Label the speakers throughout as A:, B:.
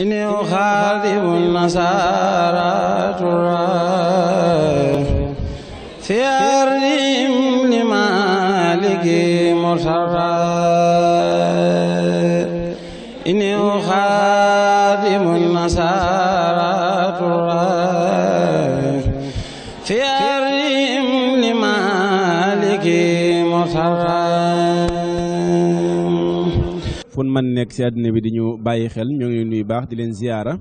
A: إني أخاذب النصارى ترى في أرضهم لمالك إني أخاذب النصارى man nek ci aduna bi di ñu bayyi xel ñu ngi nuy baax di leen ziyaara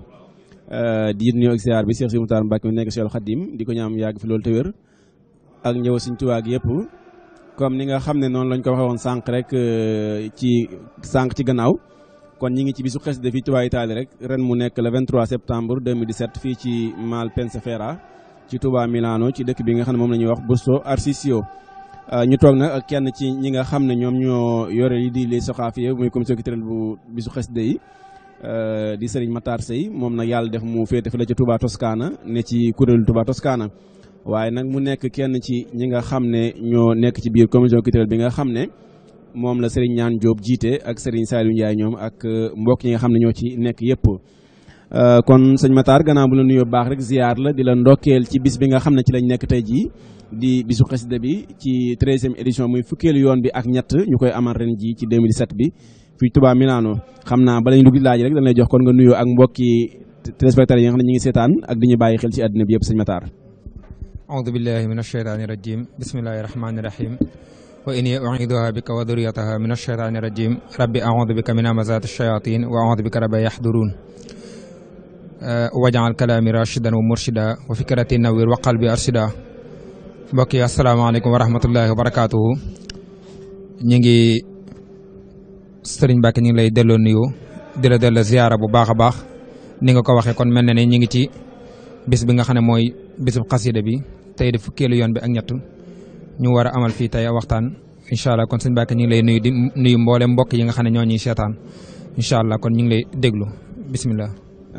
A: euh, di nuyu ak ziyaar bi Cheikh Sidi Moutar Mbacke nek ci Cheikh Khadim di ko ñaam yag fi lol te ak ñew seigne touba ak yëpp comme ni nga xamne non lañ ko waxee woon sànq rek euh, ci sank ci gannaaw kon ñi ngi ci bisu xess de fi Touba Italie rek ren mu nek le 23 septembre 2017 fi ci Malpensa Fiera ci Touba Milano ci dëkk bi nga xamne mom moom wax Busto Arsizio Euh, ñu toog na ak kenn ci ñi nga xam ne ñoom ñoo yore yi di les soxaafiye muy commission culturelle bu bisu xasida yi euh, di Serigne mataar Sey moom nag yàlla def mu féete fa la ca Touba Toscana ne ci kuréelu Touba Toscana waaye nag mu nekk kenn ci ñi nga xam ne ñoo nekk ci biir commission culturelle bi nga xam ne moom la Serigne Ñaan Diop jiite ak Serigne Saliou Ndiaye ñoom ak euh, mbokk ñi nga xam ne ñoo ci nekk yëpp. kon sëñ Matar gannaaw bu la nuyoo baax rek ziar la di ci bis bi nga xam ne ci lañ nekk tey jii. di bisu xassida bi ci 13e édition muy fukel yoon bi ak ñatt ñukoy amal ren ji ci 2007 bi fi tuba milano xamna ba lañ dugg laaj rek dañ lay jox kon nga nuyu ak mbokki téléspectateur yi nga xamni ñi ngi sétane ak bayyi xel ci aduna bi señ matar
B: a'udhu billahi minash shaitani rajim bismillahir rahmanir rahim wa inni a'udhu bika wa dhurriyyataha minash shaitani rajim rabbi a'udhu bika min amazati shayatin wa a'udhu bika rabbi yahdurun waj'al kalami rashidan wa mursida wa fikrati nawwir wa qalbi arsida mbokk yi asalaamaaleykum wa rahmatullahi wa barakaatuhu ñu ngi sëriñ Mbacke ñu ngi lay delloo nuyu di la delloo ziyaara bu baax a baax ni nga ko waxee kon mel na ne ñu ngi ci bis bi nga xam ne mooy bisub xasida bi tey di fukkeelu yoon bi ak ñett ñu war a amal fii tey waxtaan incha kon sëriñ Mbacke ñu ngi lay nuyu di nuyu mboole mbokk yi nga xam ne ñoo seetaan incha allah kon ñu ngi lay déglu bisimilah.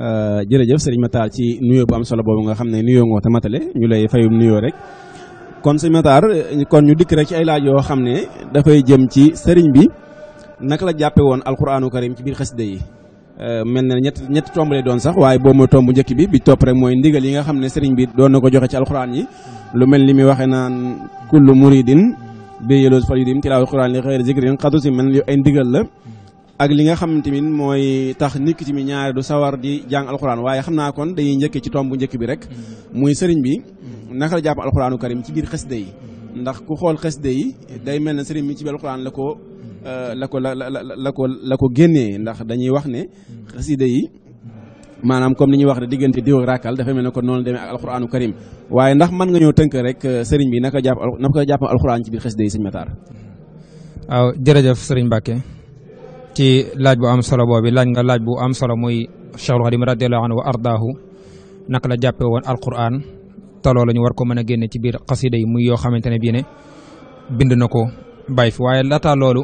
A: Euh, jërëjëf sëriñ Matar ci nuyoo bu am solo boobu nga xam ne nuyoo ngoo tamatale ñu lay fayum nuyoo rek. kon si Matar kon ñu dikk rek ci ay laaj yoo xam ne dafay jëm ci sëriñ bi naka la jàppe woon alquraanu karim ci biir xasida yi euh, mel na ñett ñetti tomb lay doon sax waaye boobu mooy tomb njëkk bi bi topp rek mooy ndigal yi nga xam ne sëriñ bi doon na ko joxe ci alquraan yi lu mel ni muy waxee naan kullu muridin bi yelloos fal yu dim tilaaw alquraan li xëyr zikrin xatu si mel ay ndigal la ak li nga xam tamit mooy tax nit ki tamit ñaare du sawar di jàng alxuraan waaye xam naa kon dañuy njëkkee ci tomb bu njëkk bi rek. Mm-hmm. muy sëriñ bi. Mm-hmm. naka la jàpp alxuraanu karim ci biir xasida yi. Mm-hmm. ndax ku xool xasida yi day mel ne sëriñ bi ci biir alxuraan la ko euh, la la la la ko la ko génnee ndax dañuy wax ne xasida yi. maanaam comme ni ñuy wax de diggante diw rakkal dafa mel ne ko noonu demee ak alxuraanu karim waaye ndax mën nga ñoo tënk rek euh, sëriñ bi naka jàpp naka jàpp alxuraan ci biir xasida yi sëñ Matar.
B: waaw jërëjëf sëriñ ci laaj bu am solo bobu laaj nga laaj bu am solo moy Cheikh Khadim radhiyallahu anhu wa ardaahu nak la jappé won alquran te loolu ñu war ko mëna génné ci biir qasida yi muy yo xamantene bi né bind nako bay fi waye lata lolu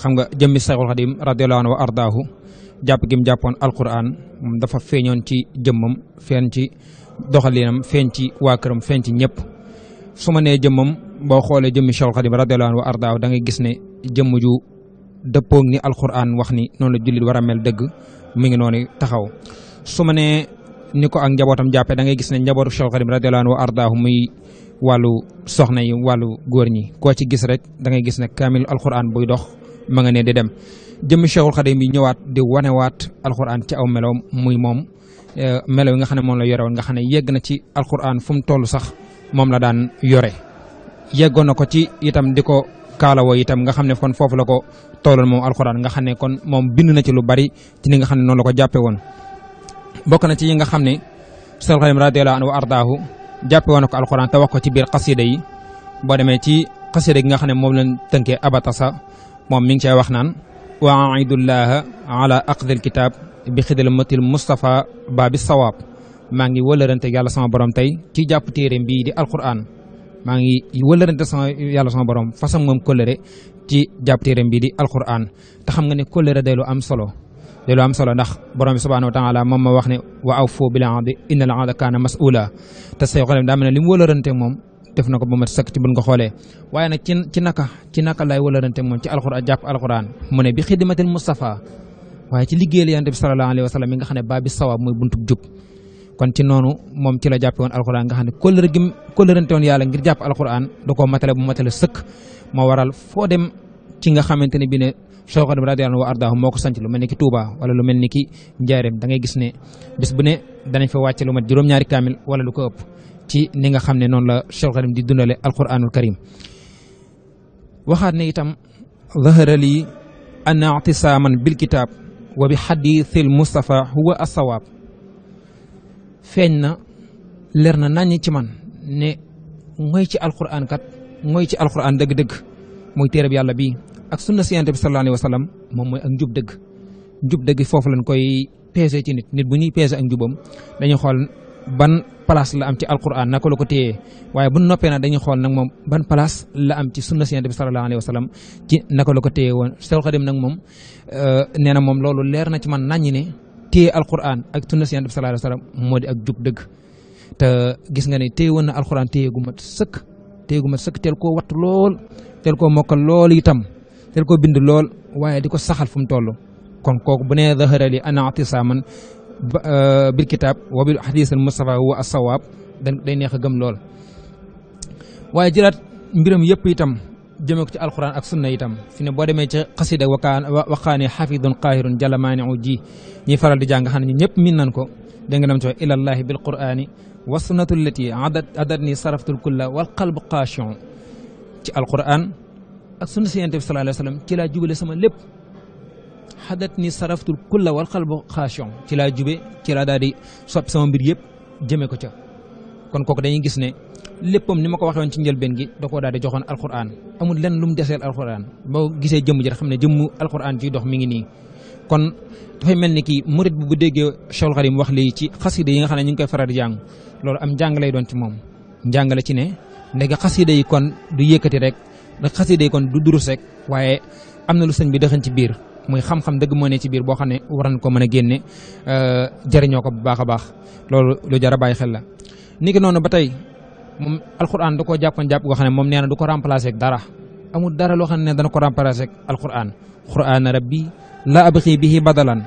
B: xam nga jëmmi Cheikh Khadim radhiyallahu anhu wa ardaahu japp gi mu jàppoon alquran mom dafa feñon ci jëmmam feñ ci doxalinam feñ ci wa këram feñ ci ñëpp suma né jëmmam bo xolé jëmmi Cheikh Khadim radhiyallahu anhu wa ardaahu da nga gis né jëmm ju dëppoog ni alxuraan wax ni noonu la jullit war mel dëgg mi noonu taxaw su ma nee ni ko ak njabootam jàppee da ngay gis ne njabootu Cheikh Xadim radiyallahu anhu wa wàllu soxna yi wàllu góor ñi koo ci gis rek da ngay gis ne kaamil alxuraan buy dox ma nga ne di dem jëmmi Cheikhul Xadim bi ñëwaat di wanewaat alxuraan ci aw melo muy moom eh, melo yi nga xam ne moom la yore woon nga xam ne yegg na ci alxuraan fu mu toll sax moom la daan yore yeggoon ci itam di kaalawoo itam nga xam ne kon foofu la ko tooloon moom alxuraan nga xam ne kon moom bind na ci lu bari ci ni nga xam ne noonu la ko jàppe woon bokk na ci yi nga xam ne Seexul Xadiim radiyallaahu anhu wa ardaahu jàppe woon ko alxuraan te wax ko ci biir xasida yi boo demee ci xasida gi nga xam ne moom lañ tënkee abatasa moom mi ngi wax naan wa aidullaha ala aqdil kitab bi xidal matil Mustafa baabi sawaab maa ngi wëlërante yàlla sama borom tey ci jàpp maa ngi wëlërante sama yàlla sama borom façon moom kóllëre ci jàpp téeram bii di alquran te xam nga ne kóllëre day lu am solo day lu am solo ndax borom bi subhanahu wa taala moom ma wax ne wa awfu bil ahdi inna al ahda kaana mas'ula te say xolam daa mel ne li mu wëlërante moom def na ko ba mat sëkk ci buñ ko xoolee waaye nag ci ci naka ci naka lay wëlërante moom ci alquran jàpp alquran mu ne bi xidmatil mustafa waaye ci liggéeyal yonent bi sallallahu alayhi wa sallam yi nga xam ne baa bi sawaab mooy buntub jub kon ci noonu moom ci la jàppe woon alxuraan nga xam ne kóllëre gi kóllërante woon yàlla ngir jàpp alxuraan da koo matale bu matale sëkk moo waral foo dem ci nga xamante ne bi ne Cheikh Xadim radiyallahu anhu ardaahu moo ko sanc lu mel ni ki Touba wala lu mel ni ki da ngay gis ne bis bu ne danañ fa wàcce lu mat juróom-ñaari kaamil wala lu ko ëpp ci ni nga xam ne noonu la Cheikh Xadim di dundale alxuraanul karim waxaat ne itam a lii anna i'tisaaman bil kitaab wa bi xadiithil Mustafa huwa as-sawaab feeñ na leer na naññ ci man ne mooy ci alquran kat mooy ci alquran dëgg-dëgg mooy bi yàlla bi ak sunna si yonent bi sallallahu alayhi moom mooy ak njub dëgg njub dëgg foofu lañ koy peese ci nit nit bu ñuy peese ak njubam dañuy xool ban place la am ci alquran naka la ko téyee waaye bu noppee na dañuy xool nag moom ban place la am ci sunna si yonent bi sallallahu alayhi wa sallam ci naka la ko téyee woon Seex Xaadim nag moom euh, nee na moom loolu leer na ci man naññ ne téye alquran ak sunna si yonent bi sallallahu alayhi wasallam moo di ak jub dëgg te gis nga ne téye woon na alquran téye gu mat sëkk téye gu mat sëkk lool teel koo mokkal lool itam teel ko bind lool waaye di ko saxal fu mu toll kon kooku bu nee zahara li euh, bil kitaab wa bil hadiis al mustafa wa as sawaab day neex a gëm lool waaye jëlaat mbiram yëpp itam jëme ko ci alxuraan ak sunna itam fi ne boo demee ci xasida wakaan waxaane xafidun qaahirun jalla maaniu ji ñuy faral di jàng xam ne ñëpp min nan ko dégg nga nam ci wax ilallahi bil qurani wa sunnatu allati adat adat ni saraftul kulla wal qalbu qaashiun ci alquran ak sunna si yonent bi sallallahu alayhi wa sallam ci laa jubale sama lépp xadat ni saraftul kulla wal qalbu qaashiun ci laa jube ci laa daal di soppi sama mbir yëpp jëme ko ca kon kooku dañuy gis ne léppam ni ma ko waxee woon ci njëlbeen gi da koo daal di joxoon alxuraan amul lenn lu deseel alxuraan boo gisee jëmm ji xam ne jëmmu alxuraan ciy dox mi ngi nii. kon dafay mel ni kii murit bi bu déggee Cheikhul Khadim wax lii ci xasida yi nga xam ne ñu ngi koy faral di jàng loolu am njàng doon ci moom njàngale ci ne ndege xasida yi kon du yëkkati rek ndax xasida yi kon du durus rek waaye am na lu sëñ bi dëxën ci biir muy xam-xam dëgg ne ci biir boo xam ne waran ko mën a génne euh, jëriñoo ko bu baax a baax loolu lu jar a bàyyi xel la. niki noonu ba tey alquran alxuraan da koo jàppoon jàpp goo xam ne moom remplacer ak dara amul dara lo xamne dana ko remplacer ak alquran quran rabbi la abghi bihi badalan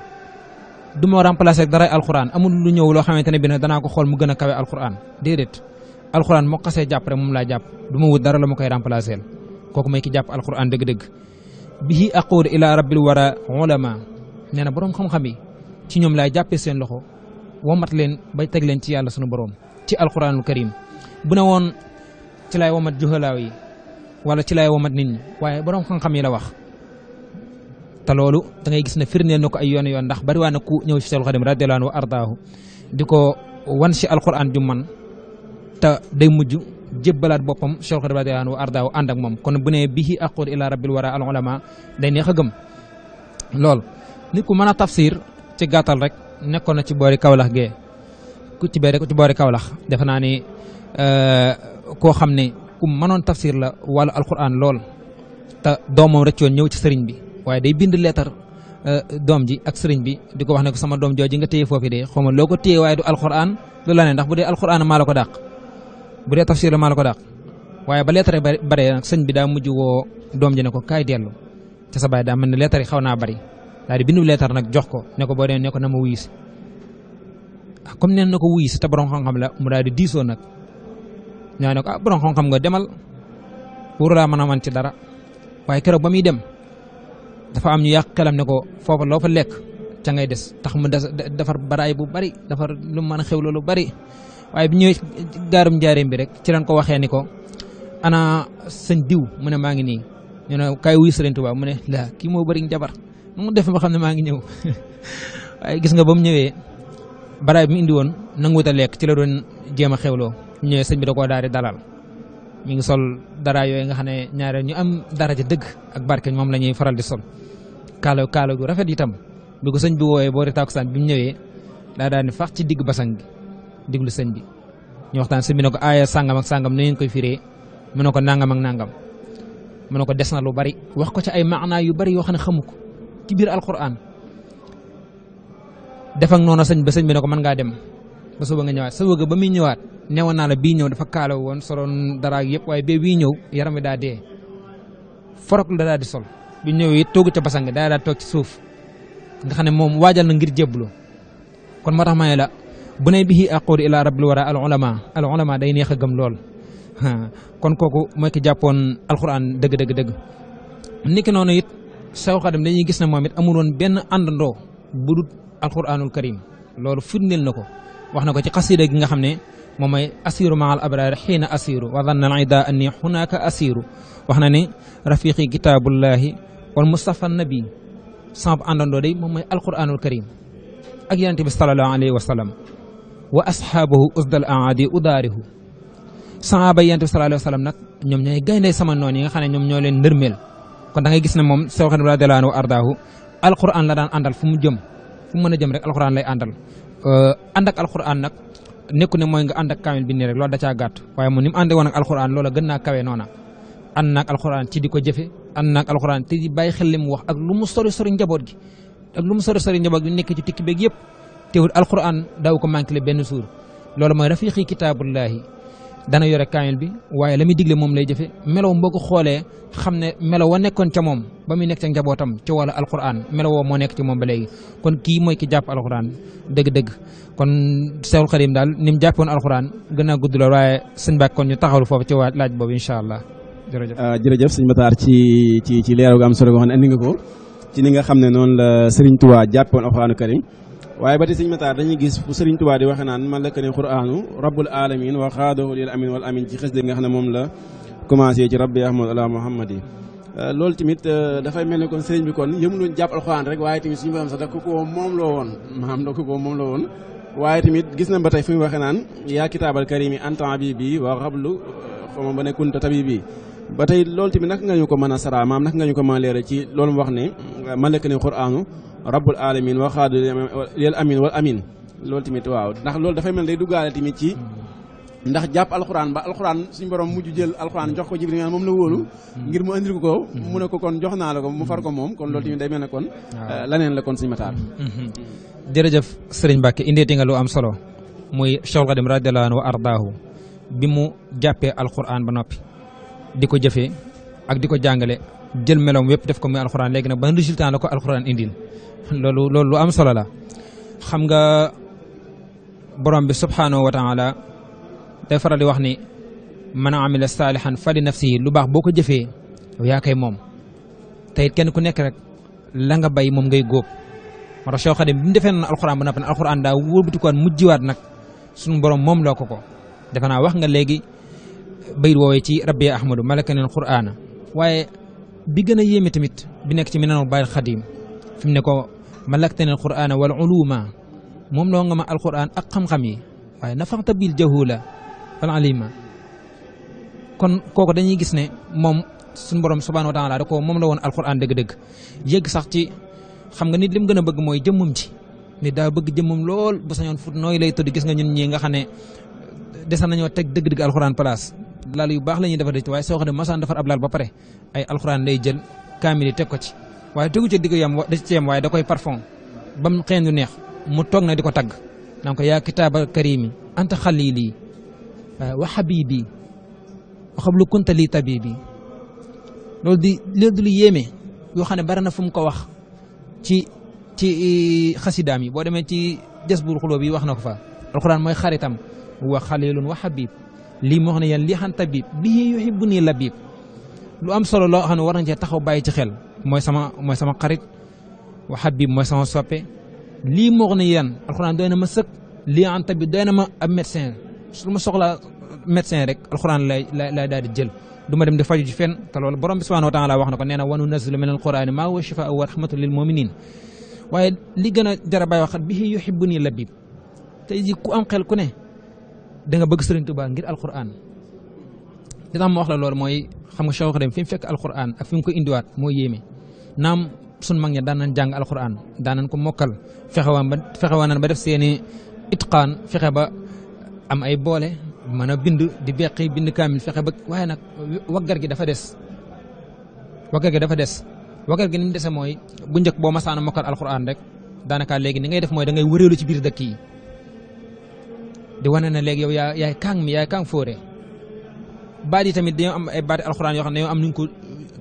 B: Duma remplacer ak dara alquran amul lu ñew lo xamante ne bi ne dana ko xol mu gëna kawé kawe dedet alquran mo xasse japp rek mom la japp duma wut dara la mu koy remplacer koku may ki japp alquran deug deug bihi aqulu ila rabbil wara ulama neena borom xam-xam bi ci ñom laay jappé seen loxo mat leen bay tegg leen ci yalla suñu borom ci alquranul karim bu ne woon ci lay womat juhalaaw yi wala ci lay womat nit ñi waaye borom xam-xam yi la wax te loolu da ngay gis ne firndeel na ko ay yoon yoon ndax bari waa ku ñëw ci anhu wan ci alquran ju man te day mujj jébbalaat boppam Seexul Xadim radiyallaahu anhu ardaahu ànd ak moom kon bu ne bihi aqul ila rabbil wara al ulama day neex a gëm lool ni ku mën tafsir ci gàttal rek nekkoon na ci boori Kawlax gee ku ci bee rek ci boori Kawlax defe ni koo xam ne ku mënoon tafsir la wàllu alquran lool te doomam rëccoon ñëw ci sëriñ bi waaye day bind leetar euh, doom ji ak sëriñ bi di ko wax ne ko sama doom jooju nga téye foofu de xaw ma loo ko téye waaye du alquran lu la ne ndax bu dee alquran maa la ko dàq bu dee tafsir la maa ko dàq waaye ba leetar bare bare nag sëñ bi daa mujj woo doom ji ne ko kaay dellu ca sa baay daa mel ne leetar yi naa bari daal di bindu leetar nag jox ko ne ko boo dee na ma na ñoo ne ko ah borom xam-xam nga demal wóor laa mën man ci dara waaye keroog ba muy dem dafa am ñu yàq xelam ne ko foofa loo fa lekk ca ngay des tax mu des defar baraay bu bari defar lu mën a xew loolu bari waaye bi ñëwee gaarum njaareem bi rek ci lañ ko waxee ni ko ana sëñ diw mu ne maa ngi nii ñu ne kaay wuy sëriñ Tuubaa mu ne laa kii moo njabar mu def ba xam ne maa ngi ñëw waaye gis nga ba mu ñëwee baraay bi mu indi woon nanguwut a lekk ci la doon jéem a ñëwee sëñ bi da koo daal di dalal mi ngi sol dara yooyu nga xam ne ñaareel ñu am daraja dëgg ak barke moom la faral di sol. kaala kaala gu rafet itam bi ko sëñ bi wooyee boori takusaan bi mu ñëwee daa di fax ci digg basang bi diglu sëñ bi ñu waxtaan sëñ ko aaya sàngam ak sàngam ni ngeen koy mu ne ko nangam ak nangam mu ne ko des na lu bari wax ko ci ay maanaa yu bari yoo xam ne xamu ko ci biir alquran def ak noonu sëñ ba sëñ bi ne ngaa dem. ba suba nga ñëwaat suba ga ba muy ñëwaat newoon naa la bii ñëw dafa kaalaw woon soloon daraag yëpp waaye bee bii ñëw yaram wi daa dee forok la daa di sol bi ñëwee it toogu ca basang daa daa toog ci suuf nga xam ne moom waajal na ngir jébbalu kon moo tax ma ne la bu nay bihi aqudu ila rabbil wara al ulama al ulama day neex a gëm kon kooku mooy ki jàppoon alxuraan dëgg dëgg dëgg niki noonu it Seex Xaadim dañuy moom it amul benn àndandoo bu dul karim loolu firndeel na ko واحنا قتي قصيدة جنها خمنة مما أسير مع الأبرار حين أسير وظن العداء أني هناك أسير واحنا ني رفيقي كتاب الله والمصطفى النبي صاب عن الدوري مما القرآن الكريم أجي أنت بصلى الله عليه وسلم وأصحابه أصد الأعادي أداره صعب أن تبصلى الله عليه وسلم نك نم نيجي جاين لسما نوني خان نم نيجي نرمل كنت نيجي سنم سوكان برادلانو أرداه القرآن لدان أندل فمجم فمن جمرك القرآن لدان أندل Euh, ànd ak alxuraan nag nekku ne mooy nga ànd ak kaamil bi nii rek loolu da caa gàtt waaye moom ni mu àndee woon ak alxuraan loola gën naa kawe noona ànd alxuraan ci di ko jëfe ànd naag alxuraan te di bàyyi xel li mu wax ak lu mu sori sori njaboot gi ak lu mu sori sori njaboot gi nekk ci tukki beeg yëpp teewul alxuraan daaw ko manqué benn suur loolu mooy rafiqi kitaabullaahi dana yore kaamil bi waaye la muy digle moom lay jëfe melow boo ko xoolee xam ne melow wa nekkoon ca moom ba muy nekk ca njabootam ca wàllu alquran melowoo moo nekk ci moom ba léegi kon kii mooy ki jàpp alquran dëgg-dëgg kon Seexul Xadim daal ni mu jàppoon alquran gën a gudd la waaye sëñ Mbàkke kon ñu taxawlu foofu ci waa laaj boobu incha allah
A: jërëjëf ah, jërëjëf sëñ Matar ci ci ci leeru gu am solo boo xam ne andi nga ko ci la Sëriñ Tuubaa jàppoon alquranu karim waye bati seigne Matar dañuy gis fu Sëriñ touba di waxe nan man la ne rabbul alamin wa khadahu lil amin wal amin ci xes dégg nga xamne mom la commencé ci rabbi ahmad ala muhammadi lol timit da fay melni kon sëriñ bi kon yëmu ñu jàpp alquran rek waye timit suñu borom sa da ko ko mom lo won maam da ko ko mom lo won waye timit gis na batay tey fu mu waxee naan yaa kitaabal karimi anta abibi wa xablu xoma ba ne kunta tabibi batay lol timit nak nga ñu ko mën sara maam nak nga ñu ko mën léré ci loolu mu wax ne man la ne rabbul alamin wa xaadu lil amin wal amin loolu tamit waaw ndax loolu dafay mel day duggaale tamit ci ndax jàpp alxuraan ba alxuraan suñu borom mujj jël alxuraan jox ko Jibril moom la wóolu ngir mu andil ko mu ne ko kon jox naa la ko mu far ko moom kon loolu tamit day mel ne kon euh, laneen la kon suñu mataar
B: mhm. jërëjëf sëriñ Mbacke indeeti nga lu am solo muy Cheikh Khadim radiyallahu anhu wa ardaahu bi mu jàppee alxuraan ba noppi di ko jëfee ak di ko jàngale جل ملهم ويب دفكم من القرآن لكن بعند رجلي أنا كو القرآن إندين لولو لولو أم صلاة خمجة برام بسبحانه وتعالى دفر لي وحني من عمل الصالح فل نفسه لباخ بوك جفي ويا كي مم تيت كان كنا كرك لانغ باي مم جي جوب مرة شو خدم بندفن القرآن من أبن القرآن دا وبتكون مجيوار نك سن برام مم لا كوكو دفن أوقع نلاقي بيروي تي ربي أحمد ملكنا القرآن وَأَيَّ bi gëna yéme tamit bi nekk ci minanul bàyyil xadim fi ne ko malaktan alqur'ana wal uluma mom lo nga ma qur'an ak xam-xam yi waaye nafaxta bil jahula al alima kon koko dañuy gis ne mom sun borom subhanahu wa taala da ko moom la al qur'an deug deug yegg sax ci xam nga nit lim gëna bëgg moy jëmum ci ni da bëgg jëmum lool bu sañon fut noy lay tuddi gis nga ñun ñi nga xane desa tek deug deug al qur'an place lal yu baax la ñuy defar de waaye soo xam masaan defar ab lal ba pare ay alxuraan lay jël kaamil teg ko ci waaye tegu ca digg yam da ci yam waaye da koy parfum ba mu xeen lu neex mu toog na di ko tagg naan ko yaa kitaaba karimi anta xalili eh, wa habibi wa xablu kunta li tabibi loolu di léegi lu yéeme yoo xam ne bari na fu mu ko wax ci ci xasidaam yi boo demee ci jasbul xulóob yi wax na ko fa alxuraan mooy xaritam wa xalilun wa habib li mo xam yan li lii xan tabib bi yuhibuni labib lu am solo lo xam ne war nañ taxaw baye ci xel moy sama moy sama xarit wa habib moy sama soppe li mo xam yan yéen doyna ma seuk li an tabib doyna ma am médecin su ma soxla médecin rek alxuraan lay lay daal di jël duma dem di faju ci fen ta lol borom subhanahu wa taala wax nako neena wanu nazlu min alqurani ma huwa shifaa wa rahmatun lil muminin waye li gëna jara jar waxat bi yuhibuni labib tay ji ku am xel ku ne Dengan nga bëgg sëriñ Tuubaa ngir alquran li tax ma wax la loolu mooy xam nga Cheikh Xadim fi mu fekk alquran ak fi mu sun mag ña daan nañ jàng alquran daan nañ ko mokkal fexewaan ba fexewaan nañ ba def seeni ba am ay mana mën bind di beqi bind kaamil fexe ba waaye nag waggar gi dafa des waggar gi dafa des waggar gi ni mu dese mooy bu njëkk boo masaana mokkal alquran rek daanaka léegi ni ngay def di wane na léegi yow yaa yaay kàng mi yaay kàng fóore baat yi tamit dañoo am ay baat alxuraan yoo xam ne dañoo am nuñ ko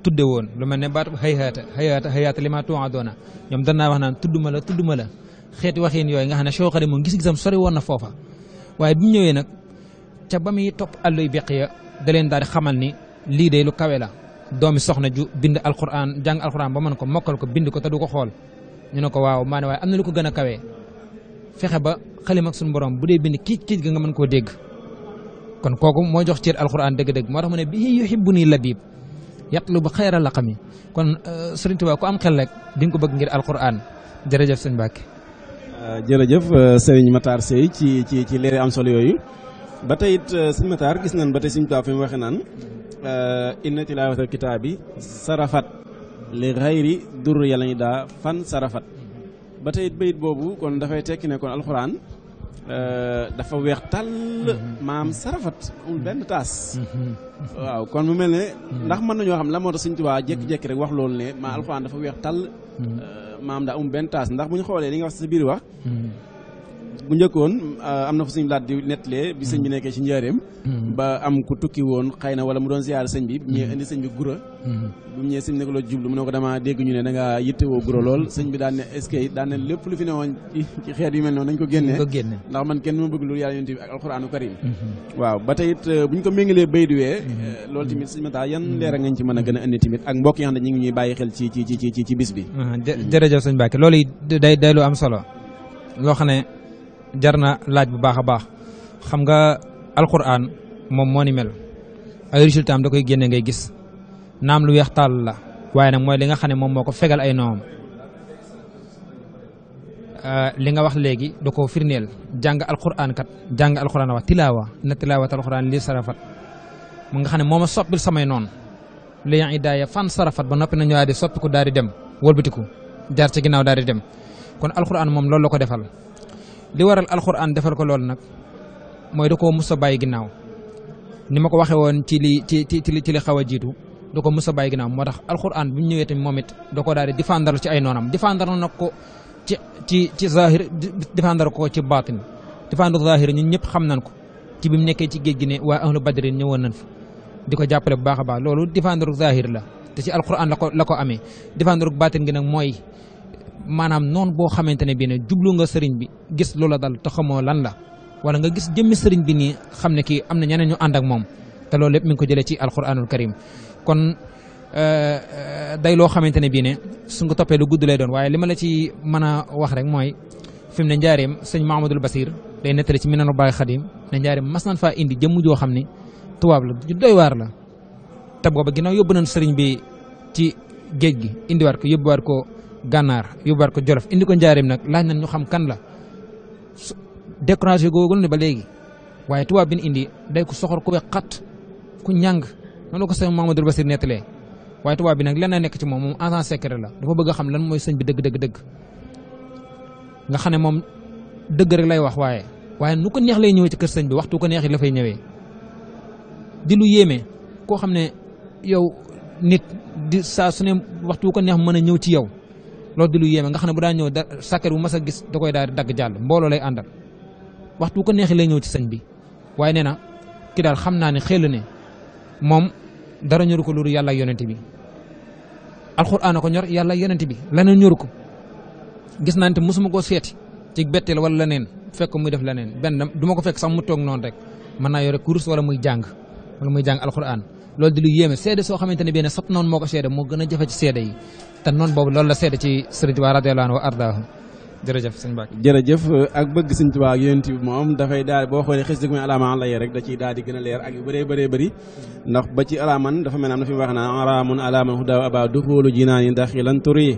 B: tudde woon lu mel ne baat xëyaata xëyaata xëyaata li ma tuuxa doona ñoom danaa wax naan tudduma la tudduma la xeeti waxin yooyu nga xam ne sooxari moom gis-gisam sori woon na foofa waaye bi ñëwee nag ca ba muy topp àlluy beq ya da leen daal di xamal ni lii de lu kawe la doomi soxna ju bind alxuraan jàng alxuraan ba mën ko mokkal ko bind ko te du ko xool ñu ne ko waaw maa ne am na lu ko gën a kawe fexe ba xalima ak suñu borom bu dee bind kiic kiic ga nga mën koo dégg kon kooku moo jox cër alxuraan dëgg-dëgg moo tax mu ne bii yuhibbu nii labib yatlubu xam laqami kon euh, Sëriñ Tuubaa ku am xel rek di nga ko bëgg ngir alxuraan jërëjëf sëñ Mbàkke
A: euh, jërëjëf euh, sëriñ Matar Sey ci ci ci leer am solo yooyu ba tey it sëñ Matar gis nañ ba tey sëñ Tuubaa fi mu waxe naan inna tilaawatal kitaabi sarafat li xayri dur yàlla ñu daa fan sarafat ba tey bayit boobu kon dafay tekki ne kon alxuraan euh, dafa weex tàll mm-hmm. maam sarafat amul benn mm-hmm. taas mm-hmm. waaw kon mu mel ne ndax mën nañoo xam la moo tax Sëñ Tuubaa jékki-jékki rek wax loolu ne maa alxuraan dafa weex tàll euh, maam daa amul benn taas ndax bu ñu xoolee li nga wax sa biir wax bu njëkkoon euh, am na fa sëñ laat di nettalee bi sëñ bi mm-hmm. nekkee ci njaareem mm-hmm. ba am ku tukki woon xëy na wala mu doon ziyaar sëñ bi bu ñëwee mm-hmm. indi sëñ bi gura bu mu ñëwee bi ne ko loo jublu ñu ne da ngaa yittewoo gura lool sëñ bi daan ne est-ce ma bëgg loolu yàlla yonent bi ak alxuraanu karim euh, euh, a gën a indi tamit ak mbokk yi xam ne ñu ngi ñuy bàyyi xel ci ci ci ci ci
B: loolu day day lu am solo loo xam ne jar na laaj bu baakha baax xam nga alquran mom mo ni mel ay resultat am da koy genné ngay gis nam lu weex tal la waye nak moy li nga xam mom moko fegal ay noom euh, li nga wax léegi da ko firnel jang alquran kat jang alquran wa tilawa na tilaawaat alquran li sarafat mo nga xam moma mooma soppil samay non li yaa fan sarafat ba nopi na ñu di soppiku daari dem wolbitiku jaar ci ginaaw daari dem kon alquran mom loolu la ko defal. li waral alxuraan defal ko loolu nag mooy da koo mus a bàyyi ginnaaw ni ma ko waxee woon ci li ci ci ci li xaw a jiitu da ko mus a bàyyi ginnaaw moo tax alxuraan bu ñu ñëwee tamit moom it da koo daal di défendre ci ay noonam défendre nag ko ci ci ci zahir défendre ko ci baatin défendre zahir ñun ñëpp xam nañ ko ci bi mu nekkee ci géej gi ne waa ahlu badrin ñëwoon nañ fa di ko jàppale bu baax a baax loolu défendre zahir la te ci alxuraan la ko la ko amee défendre baatin gi nag mooy manam non bo xamantene bi ne djublu nga serigne bi gis lola dal to xamoo lan la wala nga gis jëmmi serigne bi ni xamne ki amna am ñeneen ñu and ak mom te mi ko ci alquranul karim kon euh, day lo xamantene bi ne su nga topé lu gudd lay doon waye lima la ci mëna wax rek moy fi ne njaareem Basir day netale ci minanu baye khadim ne ndiarim masnan fa indi jëmm jo xamni tuwab la du doy war la te booba ginaaw yóbbu nañ bi ci géej gi war ko war ko gànnaar yóbbaat ko jolof indi ko njaarim nag laaj nañ xam kan la découragé googu ne ba léegi waaye tubaab bi ñu indi day ku soxor ku weex xat ku ñàng noonu ko sëñ Mamadou Bassir nettalee waaye tubaab bi nag lenn nekk ci moom moom agent secret la dafa bëgg a xam la mooy sëñ bi dëgg dëgg dëgg nga xam ne moom dëgg rek lay wax waaye waaye nu ko neex lay ñëwee ci kër sëñ bi waxtu ko neex la fay ñëwee di koo xam ne yow nit di su ne waxtu ko mën a ñëw ci yow lo dilu yema nga xamne bu da ñew sakkar bu massa gis da koy daal dag jall mbolo lay andal waxtu ko neexi lay ñew ci señ bi waye neena ki daal xamna ni xel ne mom dara ñoru ko loolu yalla yonenti bi alquran ko ñor yalla yonenti bi laneen ñoru ko gis naa ne te mosuma koo seeti ci bettel wala leneen fekk muy def leneen ben duma ko fekk sax mu tok non rek man na yore kurs wala muy jang wala muy jang alquran lol di lu yeme sede so xamanteni ben benn sab noonu moo ko seede ci sede yi te noonu boobu loolu la seede ci Sëriñ Tuubaa radiyallaahu anhu wa ardaahu jërëjëf sëñ Mbacke
A: jërëjëf ak bëgg sëñ Tuubaa ak yonent bi moom dafay daal boo xoolee xis dëgg muy alaaman la yee rek da daal di gën a leer ak yu bëree bëree bëri ndax ba ci alaaman dafa mel na am na fi mu wax naa alaamun alaaman hudaa abaa duxulu jinaani daxilan turi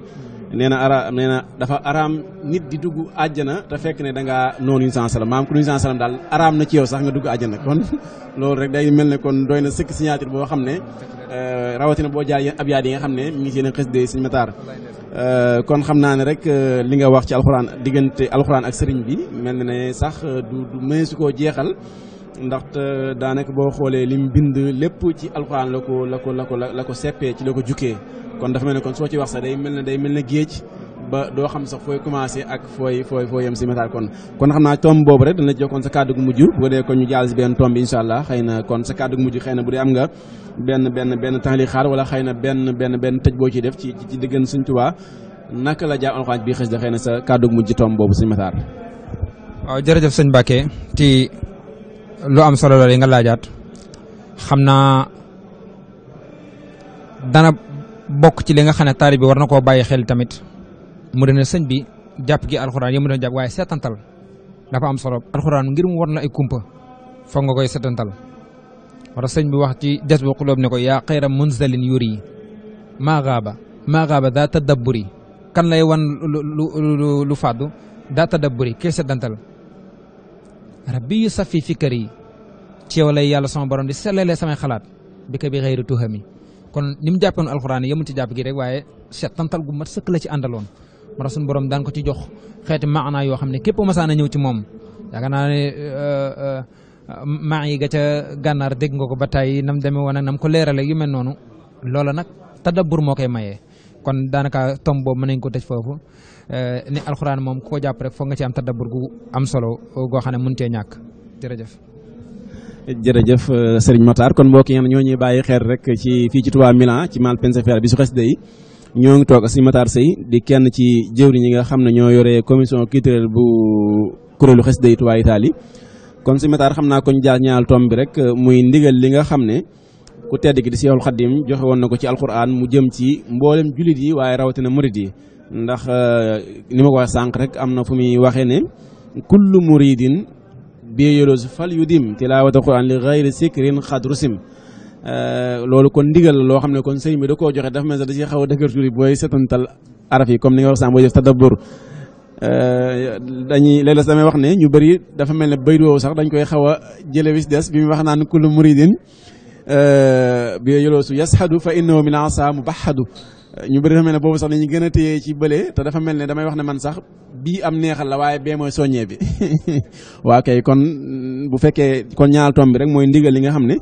A: nee na ara nee na dafa araam nit di dugg àjjana te fekk ne da ngaa noonu Yonent salaam maam ku Yonent salaam daal araam na ci yow sax nga dugg àjjana kon loolu rek day mel ne kon doy na sëkk signature boo xam ne euh, rawatina boo jaar yéen ab yaay yi nga xam ne mi ngi seen xës de Sëñ Matar euh, kon xam naa ne rek euh, li nga wax ci alxuraan diggante alxuraan ak sëriñ bi mel na ne sax du du koo jeexal ndaxte daanaka boo xoolee lim bind lépp ci alxuraan la ko la ko la ko la ko seppee ci la ko jukkee kon dafa melni kon so ci wax sa day melni day melni geej ba do xam sax foy commencé ak foy foy foy yam ci metal kon kon xamna tom bobu rek dana jokkoon sa cadre gu mujju bu de kon ñu jall ci ben tom bi inshallah xeyna na kon sa cadre gu mujju xeyna na bu dee am nga ben ben ben temps xaar wala xeyna na ben ben benn bo ci def ci ci diggante seigne touba naka la jaar alxuraan bi xës da xeyna sa cadre gu mujju tom bobu Sëñ metal
B: waaw jërëjëf seigne Mbacke ti lu am solo lo li nga laajaat xamna dana bokk ci li nga xam ne taali bi war na xel tamit mu dana sëñ bi jàpp gi alxuraan yi mu doon jàpp waaye seetantal dafa am solo alxuraan ngir mu war ay kumpa foog nga koy seetantal wara bi wax ci des bu ne ko ya xayra munzalin yuri ma gaaba ma gaaba daa tadabburi kan lay wan lu lu lu fàddu daa tadabburi kee seetantal rabbi yu safi fikari ci wala lay yàlla sama borom di khalat samay xalaat bi ko bi tuhami kon ni mu jàppoon alxuraan yëmu ci jàpp gi rek waaye setantal gu mat sëkk la ci àndaloon moo tax boroom borom daan ko ci jox xeeti maanaa yoo xam ne képp masaan a ñëw ci moom yaakaar naa ne euh, euh, euh, maa yi ga ca gànnaar dégg nga ko ba tey nam demee woon ak nam ko leerale yu mel noonu loola nag tadabbur moo koy mayee kon daanaka tomb boobu mën nañ ko tëj foofu ni alxuraan moom ku ko jàpp rek foog nga ci am tadabbur gu am solo goo xam ne mënut a ñàkk jërëjëf
A: jërëjëf euh, Serigne Matar kon mbokk yeen ñoo ñi bayyi xel rek ci fi ci Touba Milan ci pense faire bi su de yi ñoo ngi tok Serigne Matar sey di kenn ci jëwri ñi nga xam ñoo commission culturelle bu xess de yi Touba Italie kon Serigne Matar xamna naa ko ñu jaar ñaal tom bi rek euh, muy ndigal li nga xamne ku tedd gi di Seexul khadim joxe won na ci alquran mu jëm ci mbolem julit yi rawatina yi ndax euh, nima ko wax sank rek amna fu mi ne kullu muridin bi yelloos fal yu dim tilaawata quran li xayri sikrin xadru sim loolu kon ndigal loo xam ne kon sëñ bi da koo joxe dafa mel ne da ciy xaw a dëgër tuuti booy setantal araf yi comme ni nga wax sànq booy def tadabbur dañuy léeg-léeg damay wax ne ñu bëri dafa mel ne bayt woowu sax dañ koy xaw a jële bis des bi mu wax naan kullu muridin bi yeloosu yashadu fa innahu min asa mubahadu ñu bëri dafa mel ne boobu sax dañuy gën a téye ci bële te dafa mel ne damay wax ne man sax bii am neexal la waaye bee mooy soññee bi waaw kay kon bu fekkee kon ñaal tom bi rek mooy ndigal li nga xam ne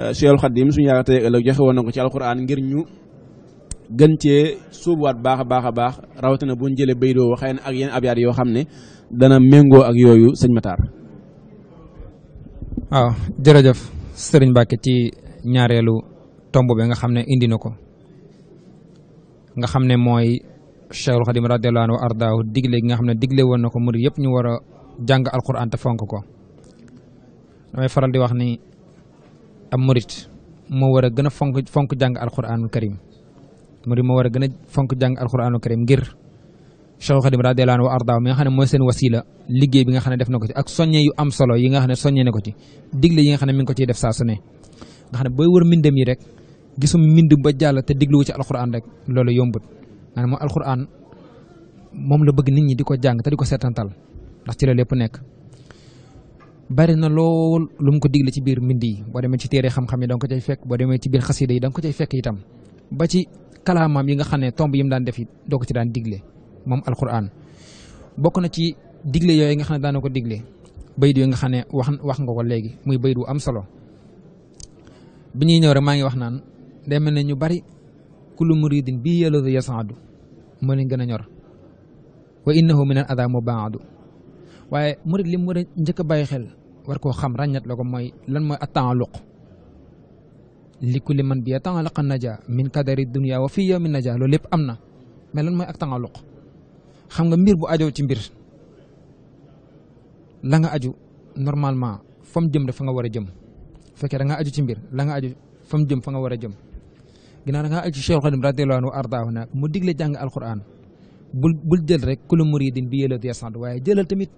A: euh, Cheikhul Khadim suñu yaakaar tey ëllëg joxe woon na ko ci alxuraan ngir ñu gën cee suubuwaat baax a baax a baax rawatina boo ñu jëlee béydoo xëy na ak yenn abyaat yoo xam ne dana méngoo ak yooyu
B: sëñ Matar. waaw ah, jërëjëf sëriñ Mbacke ci ñaareelu tomb bi nga xam ne indi na ko nga xam ne mooy. Cheikhul Khadim radiyallahu anhu wa ardaahu digle gi nga xam ne digle woon na ko murid yëpp ñu war a jàng alquran te fonk ko damay faral di wax ni ab murid moo war gën a fonk fonk jàng alquranul karim murid moo war gën a fonk jàng alquranul karim ngir Cheikhul Khadim radiyallahu anhu wa ardaahu mi nga xam ne mooy seen wasila liggéey bi nga xam ne def na ko ci ak soññe yu am solo yi nga xam ne soññe na ko ci digle yi nga xam ne mi ngi ko ciy def saa su ne nga xam ne booy wër mbindam yi rek gisum mbind ba jàll te digluwu ci alquran rek nga mo alquran mom la bëgg nit ñi di jang jàng te di ko ndax ci la lepp nek bari na lool lu mu ko digle ci bir mindi bo démé ci téré xam-xam yi dang ko cay fekk bo démé ci bir xasida yi dang ko cay fekk itam ba ci kalamam yi nga xamné tombe yi mu daan def it ko ci daan digle mom alquran bokku na ci digle yoy nga xamné daan ko diglé bayd yi nga xamné wax wax nga ko légui muy bayd wu am solo biñuy ñëw rek ma ngi wax naan démé na ñu bari kullu muridin bi yalladhi yas'adu moo leen gën ñor wa innahu min al adha ba'du waye murid li mu ñëk a xel war ko xam rañat lako moy lan moy ataluq li kulli man bi an naja min kadari dunia wa fi yawmin naja lo lepp amna na mais lan moy ataluq xam nga mbir bu ajoo ci mbir la nga aju normalement fam jam jëm dafa nga wara jëm fekkee da nga aju ci mbir la nga aju fam jëm fa nga wara jëm ginnaaw da ngaa aju Cheikh Xadim radiyallahu anhu ardaahu nag mu digle jàng alquran bul bul jël rek kullu muridin bi yelootu yasant waaye jëlal tamit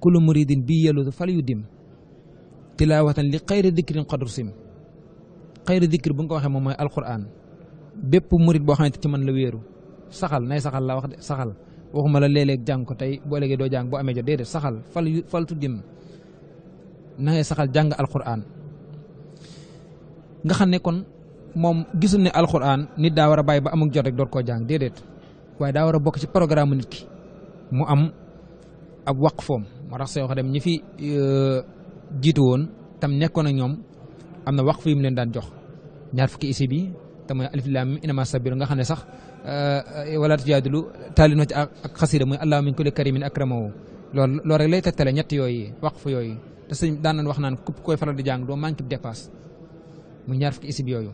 B: kullu muridin bi yelootu fal yu dim tilaawatan li xayri dikrin qadru sim xayri dikri bu nga ko waxee moom mooy alquran bépp murid boo xam xamante ci man la wéeru saxal nay saxal la wax de saxal waxuma la léeg jàng ko tey boo léegee doo jàng boo amee jot déedéet saxal fal yu fal tu dim na saxal jàng alquran nga mom gisul ne alquran nit da wara bay ba amuk jot rek dor ko jang dedet way da wara bok ci programme nit ki mu am ab waqfom mo tax soo dem ñi fi e, jitu won tam nekkon ak ñom am na waqf yi mu len daan jox ñaar fukki isi tam ay alif alif laam inama sabiru nga xane sax euh wala tujaadilu talinu ci ak khasira mooy allah min kulli karimin akramahu lool lo rek lay tetale ñet yoy waqf yoy te señ daan nan wax nan képp koy faral di jang do manki dépasse mu ñaar fukki isib yooyu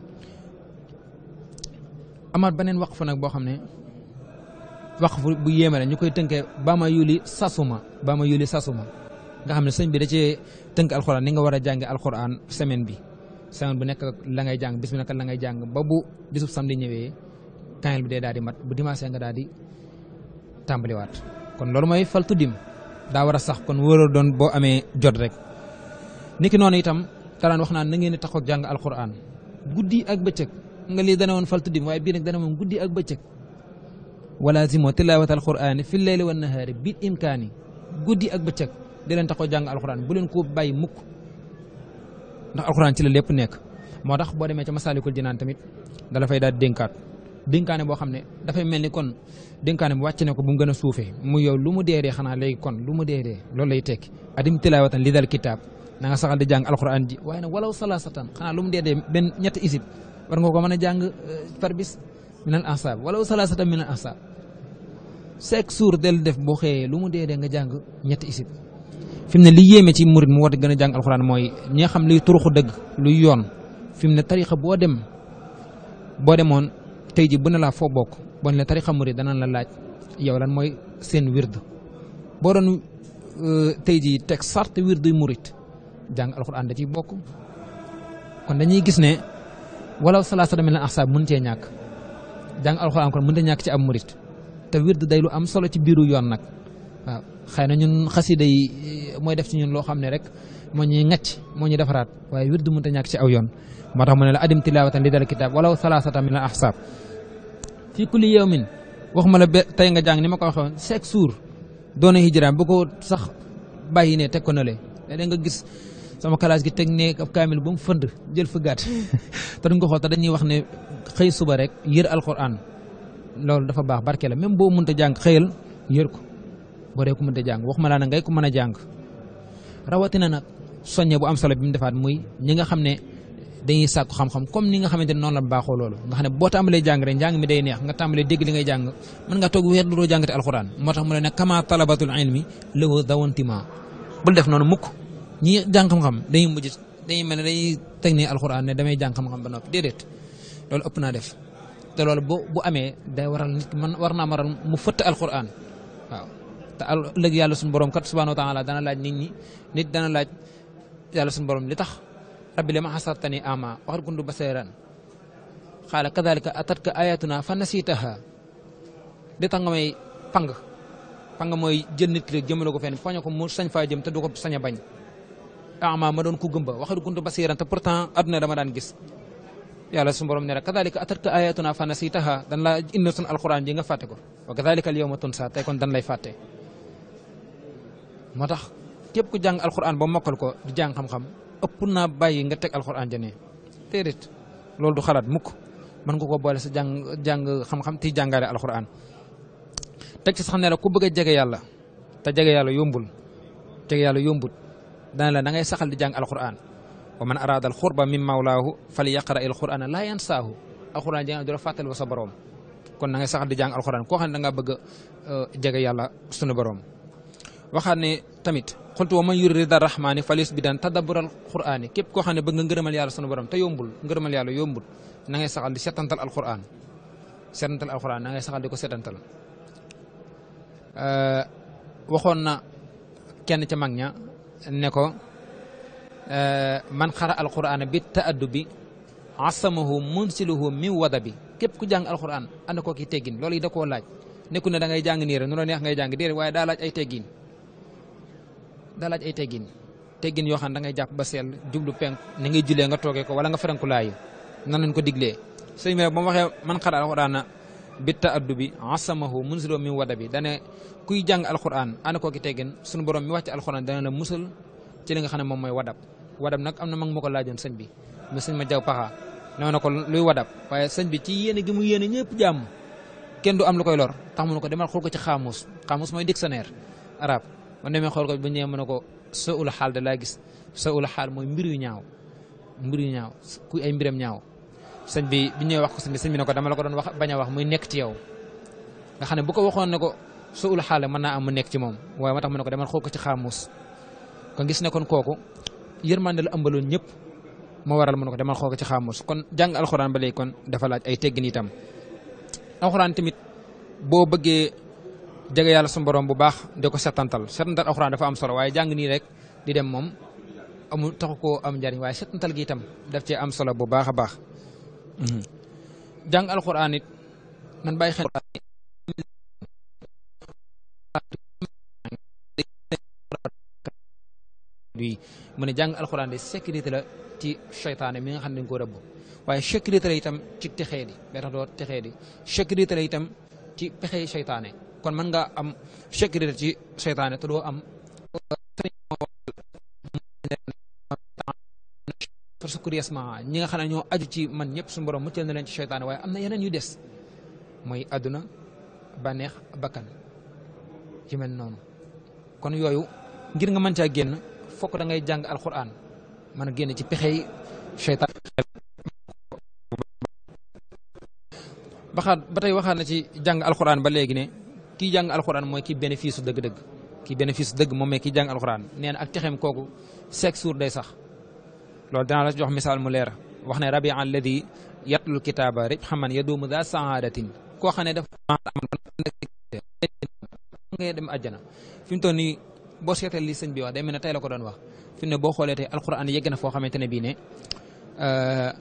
B: amaat beneen waqfu nag boo xam ne waqfu bu yéeme la ñu koy tënkee baama yuli sasuma baama yuli sasuma nga xam ne sëñ bi da cee tënk alxuraan ni nga war a jànge alxuraan semaine bi semaine bu nekk la ngay jàng bis bu nekk la ngay jàng ba bu bisub samedi ñëwee kaayal bi day daal di mat bu dimanche nga daal di tàmbaliwaat kon loolu mooy faltu dim daa war a sax kon wóor doon boo amee jot rek daraan wax naan na ngeen di taxaw jàng alquran guddi ak bëccëg nga lii dana woon faltu dim waaye bii nag dana moom guddi ak bëccëg walaazimo tilaawat alqurani fi leyli wa nahaari bil imkaani guddi ak bëccëg di leen taxaw jàng bu leen ko bàyyi mukk ndax alquran ci la lépp nekk moo tax boo demee ca masaalikul jinaan tamit dala fay daal dénkaat dénkaane boo xam ne dafay mel ni kon dénkaane bi wàcc ne ko bu mu gën a suufee mu yow lu mu deedee xanaa léegi kon lu mu deedee loolu lay tekki adim tilaawatan dal kitaab na nga saxal di jàng alxuraan ji waaye nag walaw salaasatan xanaa lu mu dee dee benn ñetti isib war nga ko mën a jàng euh, par bis minal ahsaab walaw salaasatan minal ahsaab chaque jour del def boo xëyee lu mu dee dee nga jàng ñetti isib fi mu ne li yéeme ci murit mu war di gën a jàng alxuraan mooy ñi nga xam luy turuxu dëgg luy yoon fi mu ne tarixa boo dem boo demoon tey ji bu ne laa foo bokk boo ne la tarixa murit dana la laaj yow lan mooy seen wird boo doon euh, tey ji teg sart wird murit jang alquran da ci bokk kon dañuy gis ne walaw salaasata min al ahsab mun ci ñak jang alquran kon mënta ñak ci am murit te wird day lu am solo ci biiru yoon nak waaw xëy ñun khasside yi eh, moy def ci ñun lo xamne rek mo ñi ngacc mo ñi defaraat waaye wird mënta ñak ci aw yoon motax mo ne la adim tilawatan li dal walaw salaasata min al ahsab fi kulli yawmin waxuma la tay nga jang ni mako waxon waxee chaque jour doona hijraam bu ko sax bayine tekko na le da nga gis sama kalaas gi tek ne ab kamil jil mu fënd jël fu gàtt ta dañ ko ta dañ ni wax ne xey suba rek yër alquran loolu dafa bax barke la même mu mënta jang xeyal yër ko boo dee ko mënta jàng waxuma laa na ngay ko meuna jang rawati na nak soñe bu am solo bi mu defaat muy ñi nga xamne dañuy sakku xam-xam comme ni nga xamante non la baxo loolu nga xamne bo boo jang rek jang mi day neex nga tàmbalee deg li ngay jang man nga tok weer do jangati alquran motax mu le ne kama talabatul ilmi lahu dawantima bu def non mukk ñi jang xam-xam dañuy mujj dañuy mel Al dañuy teg ne alxuraan ne damay jang xam-xam ba nopi dedet lolou upp na def te lolou bu bu amee day waral nit man war maral mu fëtt alquran waaw ta al yalla sun borom kat subhanahu wa taala dana laaj nit ñi nit dana laaj yalla sun borom li tax rabbi lima hasartani ama wa kuntu basairan xaala kadhalika atatka ayatuna fanasitaha nasitaha li tax nga may pang pang moy jeun nit rek jëmale ko fenn fagnako sañ fa jëm te duko bañ ama ma don ku gëmba waxadu kuntu basiran ta pourtant aduna dama dan gis yalla ya sun borom ne la kadalika atatka ayatuna fa nasitaha dan la inna sun alquran ji nga fatte ko wa kadhalika al yawma tunsa tay kon dan lay fatte motax kep ku jang alquran ba mokal ko di jang xam-xam ëpp nga tek alquran jene terit lol du xalat muk man nga ko boole sa jang jang xam-xam ti jangale alquran tek ci sax ne la ku bëgg a jege yàlla ya te jege yombul ya jege yalla yombut dan la na dijang saxal di jang alquran wa man arada alkhurba min mawlahu falyaqra alquran la qurana alquran jang do la fàttali sa borom kon na saxal di jang alquran ko xam nga da ngaa bëgg jege eh, sunu borom waxane tamit xultu wa man yurid rahmaani falis bidan tadabbur alquran kep ko xam ne bëgg nga ngërëmal sunu borom te yombul ngeureumal yalla yombul na saxal di setantal alquran setantal alquran na saxal di ko setantal eh, waxon na kenn ci magña neko eh, man xara alquran bi taaddubi asamahu munsiluhu min wadabi kep ku jàng alquran ànd ko ki teggin loluy dako da laaj neku ne da ngay jang nii rek nu neex ngay jang déedéet waaye da laaj ay teggin da laaj ay teggin teggin yo xam da ngay japp ba sel djublu penk ni ngay nga toge ko wala nga ferenkulaayu nan nagn ko diglé sëñ bi bam waxe man xara alquran bitta addubi asamahu munzilu min wadabi dane kuy jang alquran ana ko ki teggen sunu borom mi wacc alquran dana na musul ci li nga xamne mom moy wadab wadab nak am na mag ma ko laajoon bi mu señ ma jaw paha nono ko luy wadab waye señ bi ci yene gi mu yene ñepp jam kendo am lu lor tax mu ko demal xol ko ci khamus khamus moy dictionnaire arab mo demé xol ko bu ñe mëna ko saul hal nyau. da la gis saul hal moy ñaaw mbir ñaaw ku ay mbiram ñaaw sëñ bi bi ñëwee wax ko sëñ bi sëñ bi nako dama la ko doon wax baña wax muy nekk ci yow nga xam bu ko waxon nako suul xaale man na am nekk ci mom way ma tax mu nako dama xoko ci xamus ko gis ne kon koku yërmande la ëmbaloon ñëpp mo waral mu nako dama xoko ci xamus kon jang alcorane ba lay kon dafa laaj ay teggin itam alcorane timit bo bëggee jege yalla sun borom bu baax de ko setantal setantal alcorane dafa am solo waaye jang ni rek di dem mom amu taxuko am njariñ waaye setantal gi itam daf ci am solo bu baaxa baax Mm-hmm. jàng alxuraan it nan bàyyi xel bi mu ne jàng alxuraan de sécurité la ci seytaane mi nga xam ne ko koo waaye sécurité la itam ci texee di day doo texee di sécurité la ci pexe seytaane kon man nga am sécurité ci seytaane te doo am curieusement ñi nga xam aju ci man ñep suñu borom muccel na len ci shaytan way amna yenen yu dess moy aduna banex bakkan ci mel non kon yoyu ngir nga man caa genn fokk da ngay jang alquran man genn ci pexey shaytan seytaan baxaat ba na ci jang alquran ba léegi ne ki jang alquran moy ki bénéfice deug deug ki bénéfice deug moom ki jang alquran nee ak texeem koku sur day sax loolu danaa la مثال misaal mu leer wax ne rabi alladi yatlul kitaaba rib xaman yaduumu daa saadatin koo xam ngay dem aljana fim toni bo nii li seigne bi wax day mel ne tey la ko doon wax fim ne bo xolete alquran yegna fo xamantene bi ne euh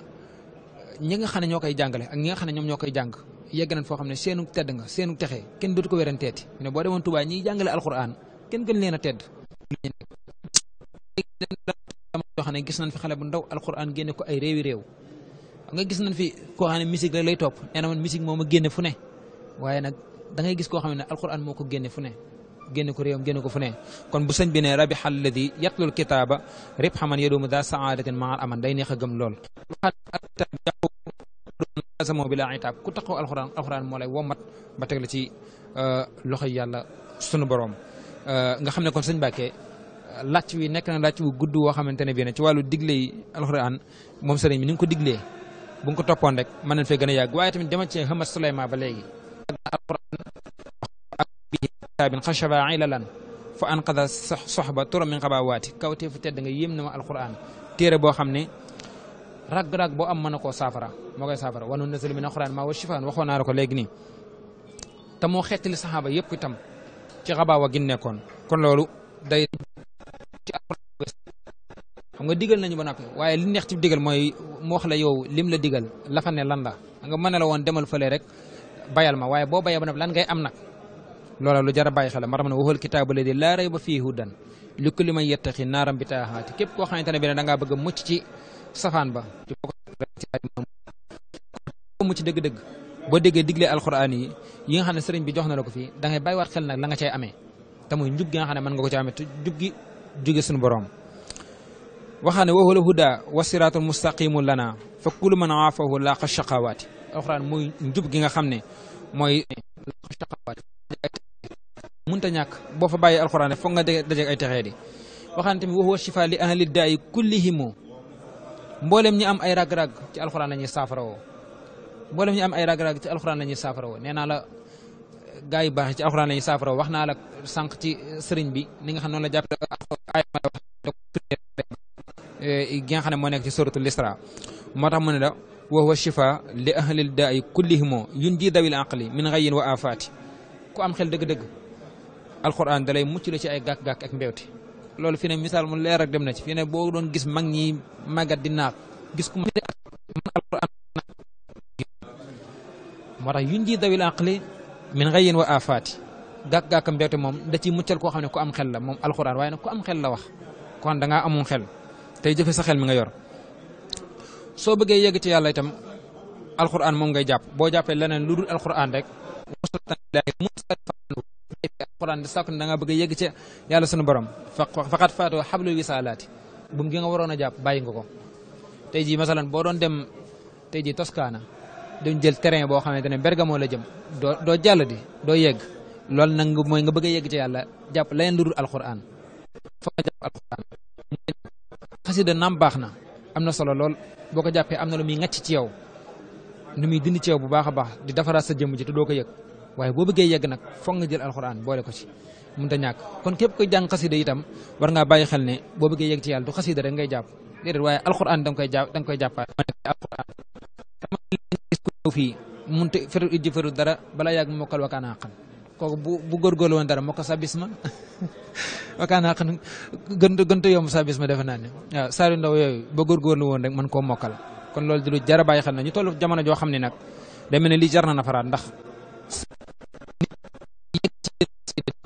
B: ñi nga xane ñokay jàngale ak ñi nga xane ñom ñokay jàng yegna fo xamne senu tedd nga senu texe ken dut ko weran fi ne bo demon touba ñi jàngale alquran ken gën leena tedd yoo xam ne gis nañ fi xale bu ndaw alxuraan génne ko ay réewi réew nga gis nañ fi koo xam ne musique rek lay topp nee na man musique moo ma génne fu ne waaye nag da ngay gis koo xam ne alxuraan moo ko génne fu ne génne ko réewam génne ko fu ne kon bu sëñ bi ne rabi alladi yatlul kitaaba rib xaman yadoomu daa saadatin maal aman day neex a gëm lool samo bi laa itaab ku taxaw alxuraan alxuraan moo lay womat ba teg la ci loxoy yàlla sunu boroom nga xam ne kon sëñ Mbàkke làcc wi nekk na làcc wu gudd woo xamante ne bii ne ci wàllu digle yi alxuraan moom sëriñ bi ni nga ko diglee bu nga ko toppoon rek mën nañ fee gën a yàgg waaye tamit dama ci xamat Suleymaan ba léegi alxuraan xashaba ilalan fa anqada soxba turam min xabaawaati kawtee fu tedd nga yéem na ma alxuraan téere boo xam ne rag-rag boo am mën na koo saafara moo koy saafara wanu nazalu min alxuraan ma wa shifaan waxoon naa ko léegi nii te moo xettali saxaaba yëpp itam ci xabaawa gi nekkoon kon loolu day xam nga digal nañu ba noppi waye li neex ci digal moy mo wax la yow lim la digal la fa ne lan la nga mën la demal fele rek bayal ma waye bo baye ba noppi lan ngay am nak lolo lu jara baye bàyyi xel ma la di rayba fi hudan li kulli man yattaqi naram bitahati kep ko koo xamante bi ne da nga bëgg mucc ci safan ba mucc deug deug bo déggee digle alquran yi yi nga xamne serign bi jox na la ko da ngay wat xel nak la nga cey amé te njug nga xamne man nga ko ci amé djuggi borom waxaane wa huwal huda wa siraatul mustaqimu lana fa kullu man aafahu laaqa shaqawaati alxuraan mooy njub gi nga xam ne mooy laaqa shaqawaati munta ñàkk boo fa bàyyi alxuraan foog nga dajeeg ay texee di waxaane tamit wa huwa li ahli daayi kullihimu mboolem ñi am ay rag-rag ci alxuraan la ñuy saafara woo am ay rag-rag ci alxuraan la ñuy saafara woo nee ci alxuraan la ñuy saafara woo wax naa la sànq ci sëriñ bi ni nga xam noonu la jàpp ay gi nga xam ne moo nekk ci suratul isra moo tax mu ne la wa huwa shifa li ahlil daayi kullihimo yun ji dawil aqli min xayin wa afaati ku am xel dëgg-dëgg alquran da lay mucc la ci ay gàkk-gàkk ak mbewte loolu fi ne misaal mu leer ak dem na ci fi ne boo doon gis mag ñi màggat di naat gis ku moo tax yun ji dawil aqli min xayin wa afaati gàkk-gàkk mbewte moom da ci muccal koo xam ne ku am xel la moom alquran waaye nag ku am xel la wax kon da ngaa amoon xel tay jëfé sa xel mi nga yor so bëggé yegg ci yalla itam alquran mom ngay japp bo jappé leneen luddul dul alquran rek alquran di sakku da nga bëgg yegg ci yalla sunu borom faqat faatoo xablu wisaalaati buum gi nga warona japp bayyi nga ko tay ji masalan bo doon dem tay ji Toscana dem jël terrain bo xamné tane Bergamo la jëm do do, jàll di do yegg lol nang moy nga bëgg yegg ci yalla japp leneen luddul dul alquran foog nga alquran xasida naam baax na am na solo lool boo ko jàppee am na lu muy ngacc ci yow nu muy dindi ci yow bu baax a baax di defaraat sa jëm ji te doo ko yëg waaye boo bëggee yegg nag foog nga jël alxuraan boole ko ci mënut a ñàkk kon képp koy jàng xasida itam war ngaa bàyyi xel ne boo bëggee yegg ci yàlla du xasida rek ngay jàpp déedéet waaye alxuraan da nga koy jàpp da nga koy jàppaat fii mun te feru ijji feru dara balaa yàgg mokkal wakaan a xam kooku bu bu góorgóorlu woon dara moo ko sabis ma wakaanaa xam gënt gënta yomb sabis ma defe naa ne waaw saari ndaw yooyu ba góorgóorlu woon rek mën koo mokkal kon loolu di lu bàyyi xel na ñu toll jamono joo xam ne nag demee ne lii jar na nafaraat ndax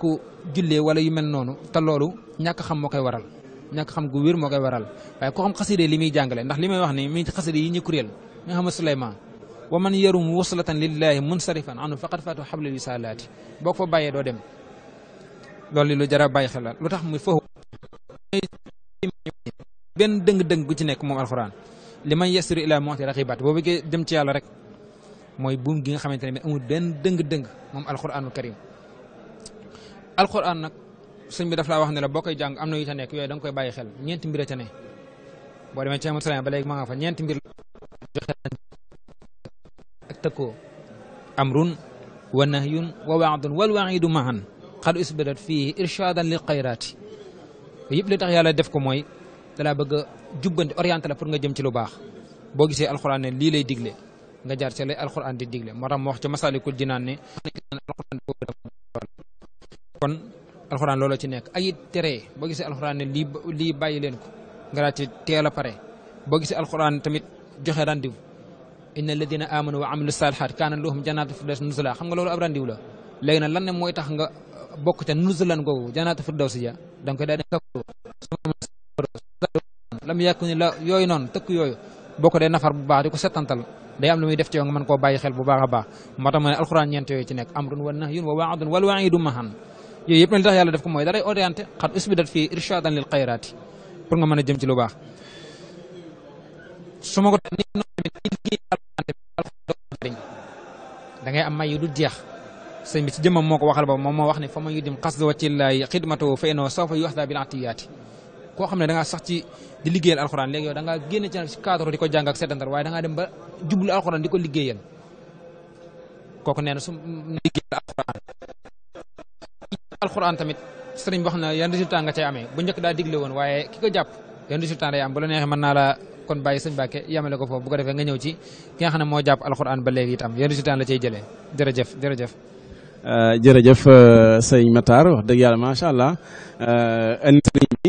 B: ku jullee wala yu mel noonu te loolu ñàkk xam moo koy waral ñàkk xam gu wér moo koy waral waaye ku xam xaside li muy jàngale ndax li may wax ni mi xaside yi ñu kuréel mi nga xam wa man yarum waslatan lillahi munsarifan anu faqad fatu xablil wisalaati boo ko fa bàyyee doo dem loolu lu jar a bàyyi xel lu tax muy foofu benn dëng-dëng gu ci nekk moom alxuraan li man yasiru ila monti raqibat boo bëggee dem ci yàlla rek mooy buum gi nga xamante ne amul benn dëng-dëng moom alxuraanul karim alxuraan nag sëñ bi daf laa wax ne boo koy jàng am na yu ca nekk yooyu da koy bàyyi xel ñeenti mbir a ne boo demee ci amat ba tëkkoo amrun wa nahyun wa waadun wal waidu maan xad usbirat fii irshaadan lil xayraati yëpp li tax yàlla def ko mooy dalaa bëgg a jubbante la pour nga jëm ci lu baax boo gisee alxuraan ne lii lay digle nga jaar ci lay di digle moo tax mu wax ci masalikul jinaan ne kon alxuraan loolu ci nekk ay tere boo gisee alxuraan ne lii lii bàyyi leen ko nga daal ci teel a pare boo gisee alxuraan tamit joxe ان الذين امنوا وعملوا الصالحات كان لهم جنات الفردوس نزلا خم نقول ابران ديولا لين لان موي تخ nga بوك تي نزلا نغو جنات الفردوس جا دونك دا لم يكن لا يوي نون تك يوي بوك دي نفر بو باخ ديكو ستانتال داي ام لوي ديف تيو مان كو باي خيل بو باخا باخ موتا مان القران نينت يوي تي نك امر ونهي ووعد والوعيد مهن يي يب نتاخ يالا داف كو موي داي اورينتي خات اسبيدات في ارشادا للخيرات pour nga mëna jëm ci lu baax su ni no mi tinki noonu tamit indi njëriñ da ngay am may du jeex sëñ bi ci jëmmam moko waxal ba mom mo wax ni fama yudim xasdu wa cillaay khidmatu fa inna sawfa yuxda bil atiyat ko xamne da nga sax ci di liggeyal alquran léegi yow da nga genn ci cadre diko jang ak seetantar way da nga dem ba djublu alquran diko liggeyal koku neena su liggeyal alquran alquran tamit sëriñ wax na yan résultat nga cay amé bu ñëk da diglé won waaye kiko japp yeen resultat day am bu la nexé man na la kon bàyyi seigne bakke yamale ko fofu bu ko defé nga ñew ci ki nga xamne mo japp alcorane alxuraan ba léegi itam yan résultat la cey cay jëlee euh jërëjëf.
A: jërëjëf euh, seigne Matar wax deug yalla ma sha allah euh sëriñ bi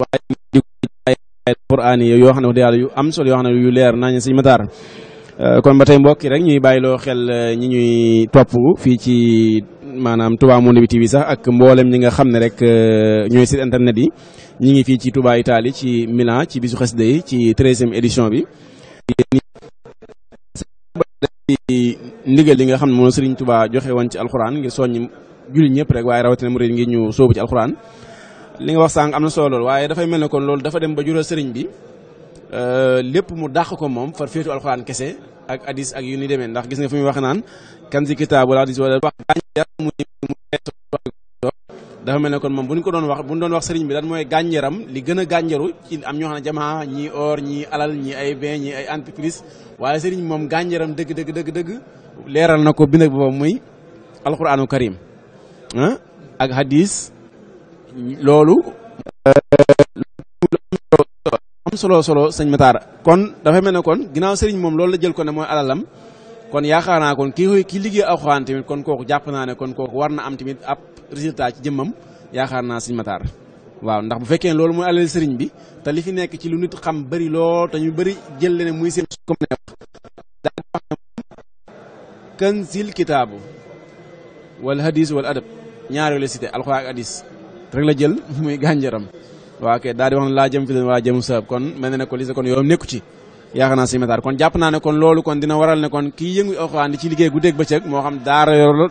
A: waaye di ay alxuraan yi yoo xam wax yalla yu am solo yo xamne yu leer nañ seigne Matar. Euh, kon batay tey mbokk rek ñuy bàyyiloo xel euh, ñi ñuy top fi ci manam Touba Monde bi TV sax ak mboolem ñi nga xamne rek ñooy site internet yi. ñi ngi fii ci Touba Italie ci Milan ci bisu xasida yi ci treizième édition bi ndigal li nga xam ne moom Serigne tubaa joxe woon ci alxuraan ngir soññi jullit ñëpp rek waaye rawatina murid ngir ñu sóobu ci alxuraan li nga wax sànq am na solo lool waaye dafay mel ne kon loolu dafa dem ba jural Serigne bi euh, lépp mu dàq ko moom far féetu alxuraan kese ak hadis ak yu ni demee ndax gis nga fu muy wax naan kan si kitaabu wala hadis wala wax dafa mel kon mom buñ ko doon wax buñ doon wax serigne bi moy li gëna ci am ñoo xana jamaa ñi or ñi alal ñi ay bien ñi ay entreprise waye serigne mom moom deug deug deug deug leral nako na ko bind muy alquraanu karim ah, ak hadith lolu am solo solo serigne matar kon dafa mel kon ginaaw serigne mom lolu la jël ko ne moy alalam kon ya xana kon kii ki liggéey alxuraan tamit kon koku japp na kon koku warna am tamit ab résultat ci jëmmam yaakaar naa sëñ Matar waaw ndax bu fekkee loolu mooy alal sëriñ bi te li fi nekk ci lu nit xam bari lool te ñu bëri jël leen muy seen comme ne wax daal wax ne kansil kitaabu wal hadis wal adab la cité alxuraan ak hadis rek la jël di wax ne laa jëm fi leen waa jëm sab kon mel na ne ko lise kon yow nekku ci yaakaar naa sëñ Matar kon jàpp naa ne kon loolu kon dina waral ne kon kii yëngu alxuraan di ci liggéey guddeeg bëccëg moo xam daara yor la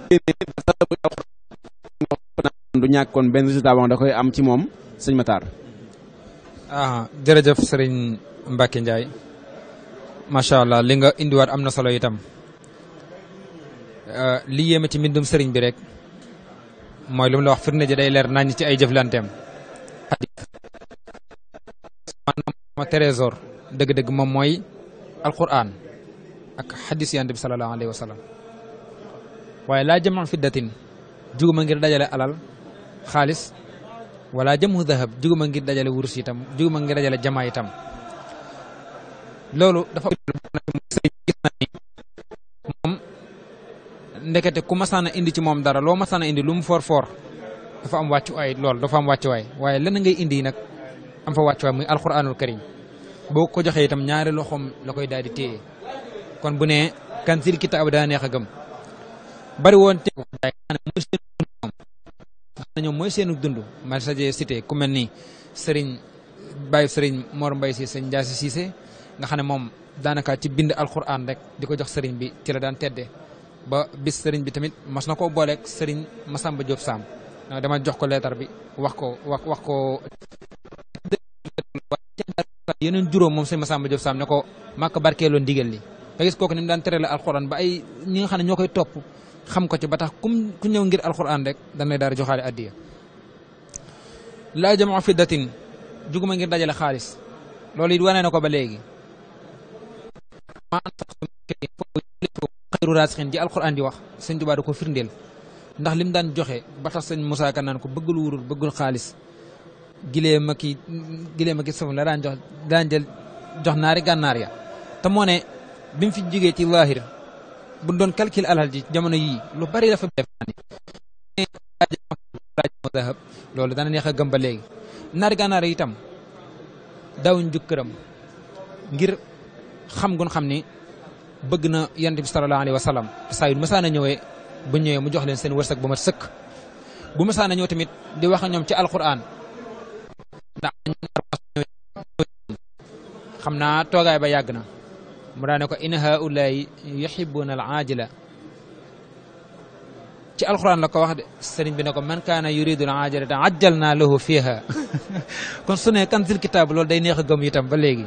A: du ñàkkoon benn résultat boo da koy am ci moom Matar.
B: ah jërëjëf sering Mbacke Ndiaye macha allah li nga indiwaat am na solo itam ah, li yéeme ci mbindum sëriñ bi rek mooy lu mu la wax firnde ji day leer naññ ci ay jëflanteem. maanaam trésor alquran ak xadis yonent sallallahu alayhi wa sallam waaye laa fiddatin juguma ngir dajale alal xaalis wala jëmu dahab juguma ngir dajale wurus itam juguma ngir dajale jamaa itam loolu dafa moom ndekete ku masaana indi ci moom dara loo masaana indi lu mu foor foor dafa am wàccuwaay lool dafa am wàccuwaay waaye lan ngay indi nag am fa wàccuwaay muy alquranul karim boo ko joxee itam ñaari loxoom la koy daal di téye kon bu ne kan kitaab daa neex a gëm bari woon teew jaay mooy seen moom ñoom mooy seenu dund ma saje cité ku mel ni sëriñ Baye sëriñ Mor Mbaye Cissé sëriñ Ndiass Cissé nga xam ne moom daanaka ci bind alxuraan rek di ko jox sëriñ bi ci la daan teddee ba bis sëriñ bi tamit mas na koo booleek sëriñ Massamba Diop Sam ah, dama jox ko leetar bi wax ko wax wax ko yeneen juróom moom sëriñ Massamba Diop Sam ne ko màkk barkeeloo ndigal li nga gis kooku ni mu daan tere la alxuraan ba ay ñi nga xam ne ñoo koy topp xam ko ci ba tax kum ku ñew ngir alquran rek dañ lay daal joxaale addiya laa jamaa fiddatin juguma ngir dajale xaalis loolu it wane na ko ba léegi xayru raasixin di alquran di wax sëñ Tuubaa da ko firndel ndax lim daan joxe ba tax sëñ musa Ka nan ko bëggul wurul bëggul khalis gile maki ki maki sama ki la daan jox daan jël jox naari gànnaar ya ta moone bim fi jige ci lahir buñ doon calcul alal ji jamono yii lu bari la fa defaani loolu dana neex a gëm ba léegi naar gànnaar itam daawuñ jukkëram ngir xam gun xam ni bëgg na yonent bi sallallahu alayhi wa sallam saa yu masaana ñëwee bu ñëwee mu jox leen seen wërsëg bu mat sëkk bu masaana ñëw tamit di wax ñoom ci alquran xam naa toogaay ba yàgg na mu daane ko in haulaay yuhibbuna al aajila ci alxuraan la ko wax de sëriñ bi ne ko man kaana yuridu al aajilata ajjal naa lahu fiha kon su ne kanzil kitaab loolu day neex a gëm itam ba léegi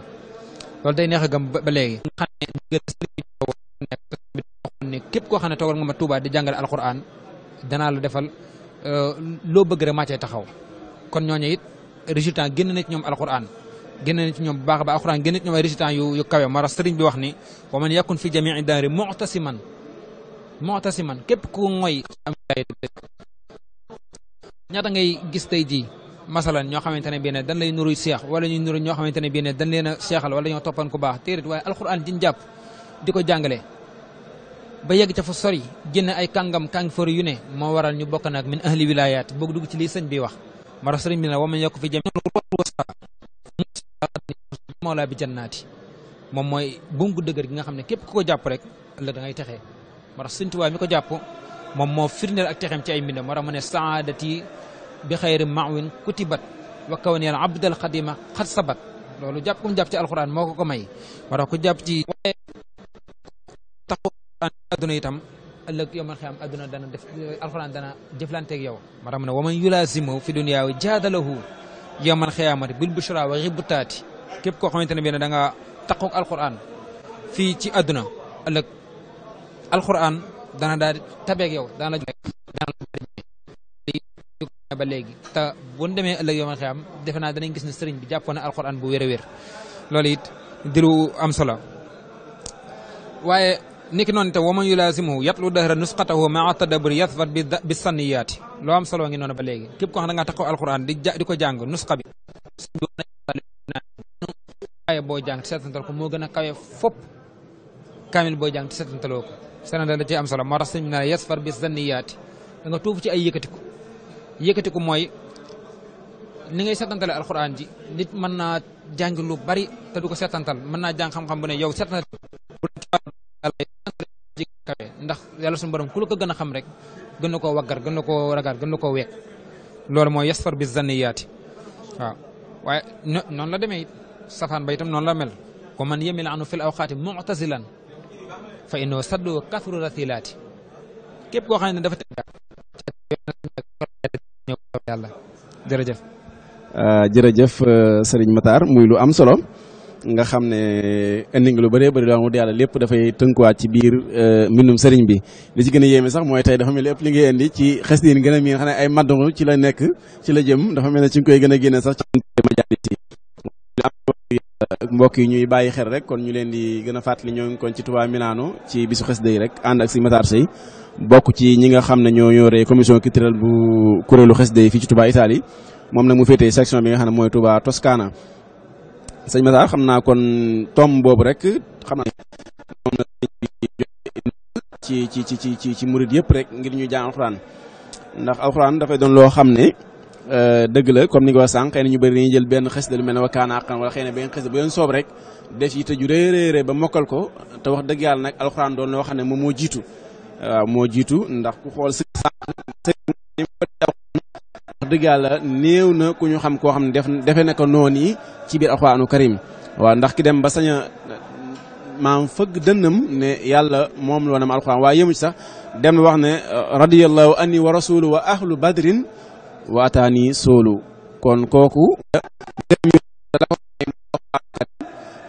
B: loolu day neex a gëm ba léegi xam ne ndigal sëriñ bi ne képp koo xam ne toogal nga ma Tuubaa di jàngale alxuraan danaa la defal loo bëgg rek maa cay taxaw kon ñooñu it résultat génn na ci ñoom alxuraan génne na ci ñom bu baax ba alxuraan génne ci ay résultats yu yu kawé mara sëriñ bi wax ni wa man yakun fi jamii daari mu'tasiman mu'tasiman képp ku ngoy am ñata ngay gis tay ji masalan ño xamantene bi ne dañ lay nuru cheikh wala ñu nuru ño xamantene bi ne dañ leena cheikhal wala ño topan ku baax téerit way alxuraan jiñ japp di ko ba yegg ci fa sori génn ay kangam kang for yu ne mo waral ñu bokk nak min ahli wilayat bokk dug ci li sëñ bi wax mara sëriñ bi ne wa man yakku fi jami mawlaa bi jannaati moom mooy bungu dëgër gi nga xam ne képp ku ko jàpp rek la da ngay texee moo tax Sëñ Tuubaa mi ko jàpp moom moo firndeel ak texeem ci ay mbindam moo tax mu ne saadati bi xayri maawin kutibat wa kawniyal abdal xadima xat sabat loolu jàpp kum jàpp ci alxuraan moo ko ko may moo tax ku jàpp ci waaye taxu adduna itam ëllëg yowmal xiyaam adduna dana def alxuraan dana jëflanteeg yow moo tax mu ne waman yulaasimu fi duniyaawi jaadalahu yawmal xiyaamati bil bushra wa xibbutaati képp koo xamante ne bii da nga taqoog alquran fii ci àdduna ëllëg alquran dana daal tabeeg yow dana la ba léegi te bu ñu demee ëllëg yawmal defe naa danañ gis ne sëriñ bi jàppoon na alquran bu wér a wér loolu it di lu am solo waaye niki non te waman yulazimu yatlu dahra nusqatahu maa tadabbur yathbat bi sanniyat lo am solo ngi non ba legi kep ko xana nga takko alquran di di ko jàng nusqa bi ay bo jang setantal ko mo gëna kawé fop kamil bo jang setantal ko sene da ci am solo mo tax sëñ na yasfar bi sanniyat da nga tuuf ci ay yëkëti ko moy ni ngay setantal alquran ji nit man na jang lu bari te du ko seetantal mën naa xam-xam bu ne yow setantal kawe ndax yàlla suñu borom ku la ko gën a xam rek gën na koo waggar gën na koo ragal gën na koo week loolu mooy yasfar bi zanniyaati waaw waaye noonu la demee it safaan ba itam noonu la mel ko man yemil anu fil awqaati mu'tazilan fa innahu saddu kathru rathilaati képp koo xam ne dafa teg yàlla jërëjëf
A: euh, jërëjëf euh, Serigne Matar muy lu am solo nga xam ne eh, indi nga lu bëree bëri doo wax yàlla lépp dafay tënkuwaat ci biir eh, mbindum sëriñ bi li ci gën a yéeme sax mooy tey dafa mel lépp li ci xes diin gën a miin xam ne ay madongo ci la nekk ci la jëm dafa mel ne ci koy gën a génne sax ci majaalis yi mbokk yi ñuy bàyyi xel rek kon ñu leen di gën a fàttali ñoo ngi kon ci Touba Milano ci bisu xes day rek ànd ak si Matar Sey bokk ci ñi nga xam ne ñoo yore commission culturelle bu kuréelu xes day fii ci Touba Italie moom nag mu féetee section bi nga xam ne mooy Touba Toscana sëñ Massa xam naa kon tom boobu rek xam naa moom ci ci ci ci ci murid yëpp rek ngir ñu jàng alxuraan ndax alxuraan dafay doon loo xam ne euh, dëgg la comme ni nga wax sànq xëy na ñu bëri dañuy jël benn xës lu mel ne wakaana aqan wala xay ne benn xës bu leen soob rek def yi tëju réeréeré ba mokkal ko te wax dëgg yàlla nag alxuraan doon loo xam ne moom moo jiitu waaw moo jiitu ndax ku xool wax dëgg yàlla néew na ku ñu xam koo xam ne def defe na ko noonu yi ci biir alxuraanu karim waa ndax ki dem ba saña a maam fëgg dënnam ne yàlla moom loonam alxuraan waaye yëmu ci sax dem wax ne radiyallahu anni wa rasulu wa ahlu badrin wa ataani soolu kon kooku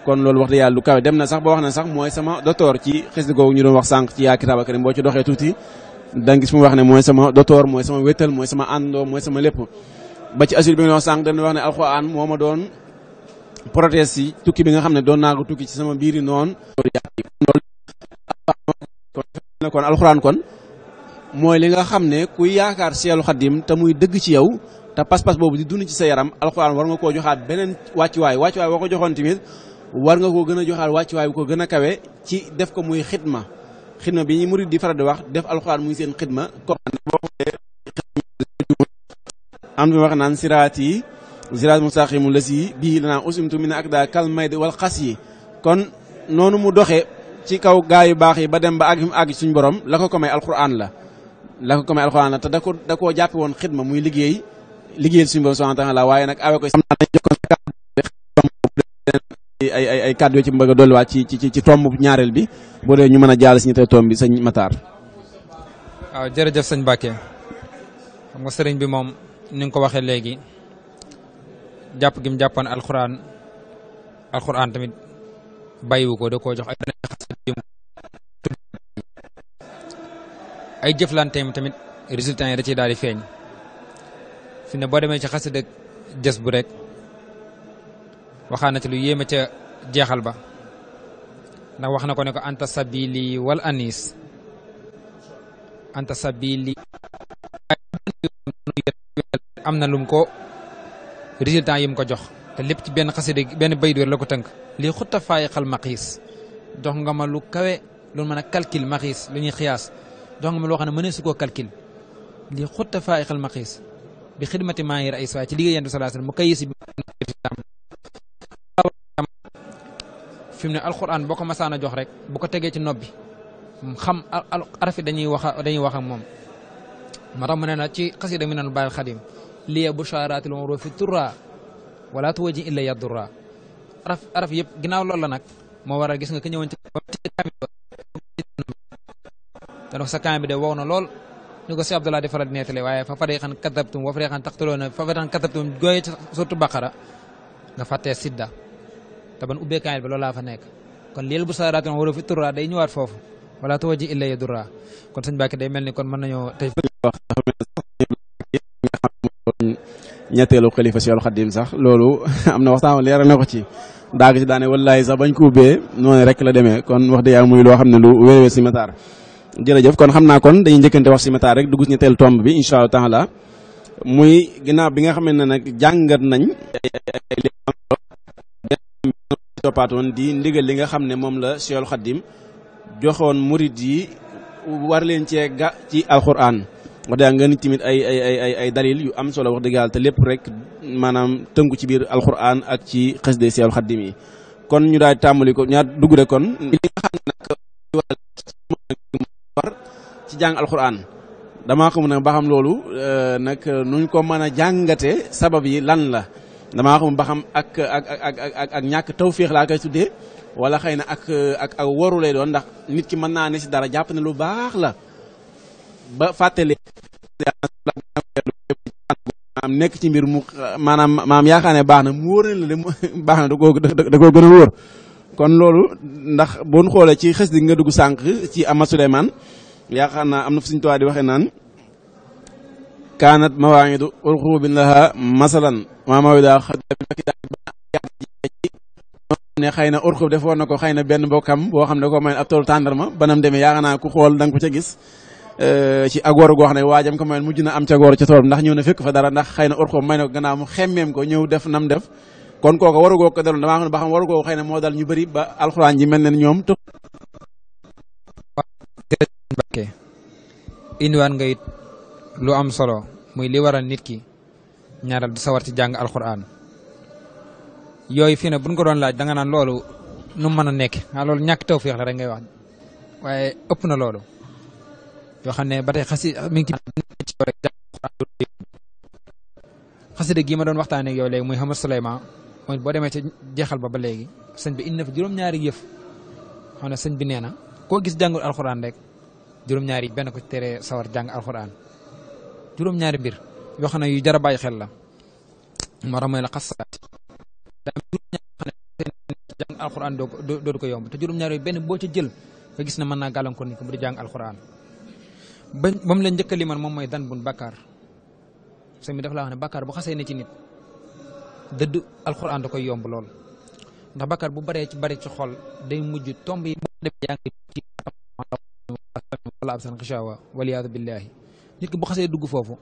A: kon loolu wax dëgg yàlla lu kawe dem na sax ba wax na sax mooy sama docteur ci xis googu ñu doon wax sànq ci yaa kitaaba karim boo ci doxee tuuti danga gis mu wax ne mooy sama docteur mooy sama wéttal mooy sama àndoo mooy sama lépp ba ci assur bi nga sànq dañu wax ne alxuraan moo ma doon protège si tukki bi nga xam ne doon naa ko tukki ci sama biiri noonu loolu kon alxuraan kon mooy li nga xam ne kuy yaakaar seelu xaddim te muy dëgg ci yow te pas-pas boobu di dund ci sa yaram alxuraan war nga koo joxaat beneen wàccuwaay wàccuwaay boo ko joxoon tamit war nga koo gën a joxaat wàccuwaay bu ko gën a kawe ci def ko muy xidma xidma bi ñuy murid di faral di wax def alxuraan muy seen xidma comme boo xoolee am wax naan siraat yi siraat mustaqim la yi bii lanaa usimtu mi ne ak daa kal mayd wal xas yi kon noonu mu doxee ci kaw gaa yu baax yi ba dem ba àgg fi mu àgg suñu borom la ko ko may alxuraan la la ko ko may alxuraan la te da ko da koo jàppe woon xidma muy liggéey liggéeyal suñu borom subhanahu wa la waaye nag awe ko ay ay ay kàddu yoo ci mbëgg a dolliwaat ci ci ci tomb ñaareel bi boo dee ñu mën a jaal si ñetteel tomb bi sëñ Matar.
B: waaw ah, jërëjëf sëñ Bakke xam nga sëriñ bi moom ni nga ko waxee léegi jàpp gi mu jàppoon alxuraan alxuraan tamit bàyyiwu ko da koo jox ay jëflanteem tamit résultat yi da ciy daal di feeñ fi ne boo demee ci xasida jës bu rek. waxaan na ci lu yéeme ca jeexal ba ndax wax na ko ne ko anta sabili wal anis anta sabili am na lum ko résultat yi mu ko jox te lépp ci benn xasida benn bayit wér la ko tënk lii xutta faayiqal maqiis jox nga ma lu kawe lu mën a calcul maqiis lu ñuy xiyaas jox nga ma loo xam ne mënee su koo calcul lii xutta faayiqal maqiis bi xidmati maa ngi ay waaye ci liggéey yent bi sallallahu alayhi wa sallam mu kayisi bi fi mu ne alxuraan boo ko masaan a jox rek bu ko tegee ci nopp xam arafi dañuy wax dañuy wax ak moom. ma tax mu ne na ci xasida mi naan baal xadim liya busharaatil urufi turra wala tuwaji illa yadurra araf araf yëpp ginnaaw loolu la nag moo waral gis nga ki ñëwoon ci dana sa kaam bi de wow na lool ko si Abdullah di faral di nettali waaye fa fariqan kadabtum wa fariqan taqtuluuna fa fariqan kadabtum gooye surtout Baqara nga fàttee Sidda te ban ubbee kaamil ba loolaa fa nekk kon lil bu saaraati wala fi turaa day ñëwaat foofu wala tawa ji illa ya duraa kon sëñ Mbacke day mel ni kon mën nañoo tey
A: ñetteelu xalifa Seexul Xadiim sax loolu am na waxtaan leeral na ko ci daag ci daane wallaay sax bañ ko ubbee noonu rek la demee kon wax dëgg yàlla muy loo xam ne lu wéewee si mataar jërëjëf kon xam naa kon dañuy njëkkante wax si mataar rek dugg si ñetteelu tomb bi incha allah taala muy ginnaaw bi nga xam toppaatoon di ndigal li nga xamne mom la Seexul khadim joxone murit yi war len ci ga ci alquran wax da nga nitimit ay ay ay ay dalil yu am solo wax dëgg yàlla te lepp rek manam teungu ci bir alquran ak ci khasde khadim yi kon ñu da tàmbali ko ñaar duggu rek kon li nga xamne nak nag war ci jang alquran dama ba xam euh, nuñ ko meuna jangate sababu yi lan la damaa xam ba ak ak ak ak ñàkk tawféex laa koy tuddee wala xëy na ak ak ak waru lay doon ndax nit ki mën naa ne si dara jàpp ne lu baax la ba fàttali am nekk ci mbir mu maanaam maam yaakaar baax na mu wóor na la de baax na da koo da koo gën a wóor kon loolu ndax boo xoolee ci xes di nga dugg sànq ci ama Souleymane yaakaar naa am na fu suñu di waxee naan kaanat mawaa'idu wal xuruubin lahaa masalan maa mawida ne xëy na urxub defoon na ko xëy na benn mbokkam boo xam ne ko mayoon ab toolu tàndarma banam demee yaakaar naa ku xool da ko ca gis e, ci agoor goo xam ne waajam ko mayoon mujj na am ca goor ca tool ndax ñëw na fekk fa dara ndax xëy na urxub may na ko gannaaw mu xemmeem ko ñëw def nam def kon kooka warugoo ko daloon damaa xam ne ba xam warugoo xëy na moo dal ñu bari ba alxuraan ji mel ne ñoom të
B: inwaan lu am solo muy li waral nit ki ñaaral di sawar ci jàng alxuraan yooyu fii ne buñ ko doon laaj danga naan loolu nu mën a nekk ah loolu ñàkk tawféex la rek ngay wax waaye ëpp na loolu yoo xam ne ba tey xasi mi ngi ci rek gii ma doon waxtaanee ak yow léegi muy Hamad Souleymane mooy boo demee ca jeexal ba ba léegi sëñ bi indi na fa juróom-ñaari yëf xam ne sëñ bi nee na koo gis jàngul alxuraan rek juróom-ñaari benn ko teree sawar jàng alxuraan jurum ñaari bir yo xam yu jara a xel la moo tax la xasaat daa juróom ñaari xam ne alquran do do ko yomb te juróom ñaari ben bo ci jël fa gis man na galan ko ni ko bu jang alquran bam la njëkk a limal moom mooy dan bun bakar sëñ bi dafa laa wax ne bakkar bu xasse ne ci nit deud alquran da koy yomb lool ndax bakkar bu bare ci bare ci xol day mujj tomb yi mu def yaangi ci wala absan xishawa waliyaadu billahi nit ki bu xasee dugg foofu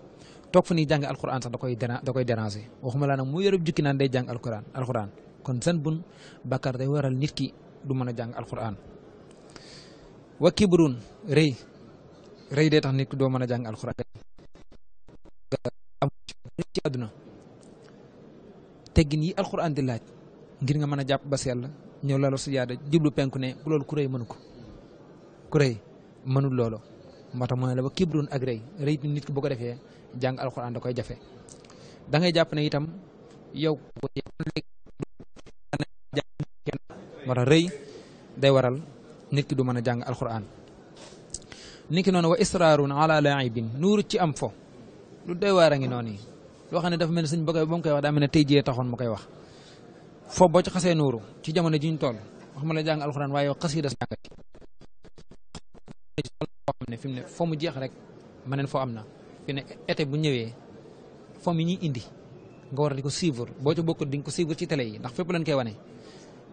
B: toog fu ñuy jàng alxuraan sax da koy da koy déranger waxuma laa nag mu yorub jukki naan day jàng alxuraan kon san bun bàkkaar day waral nit ki du mën a jàng alxuraan wa kibrun rëy rëy day tax nit ki doo mën a jàng alxuraan ci àdduna teggin yi alxuraan di laaj ngir nga mën a jàpp ba sell la lalo su yaada jublu penku ne loolu ku rëy ku rëy mënul loolu moo tax mu ne la ba kibrun ak rëy rëy nit ki boo ko defee jàng alxuraan da koy jafe da ngay jàpp ne itam yow moo tax rëy day waral nit ki du mën a jàng alxuraan nit ki noonu wa israarun ala laibin nuur ci am fo lu doy waar a ngi noonu yi loo xam ne dafa mel ne suñ bëgg ba mu koy wax daa mel ne tey jiyee taxoon mu koy wax fo boo ci xasee nuuru ci jamono ji ñu toll wax ma la jàng alxuraan waaye yow xasiida jàng ci toll foo xam ne fi mu ne foo mu jeex rek ma neen foo am na fi ne été bu ñëwee fomm yi ñuy indi nga war di ko suivre boo ci bokkul di nga ko suivre ci télé yi ndax fépp lañ koy wane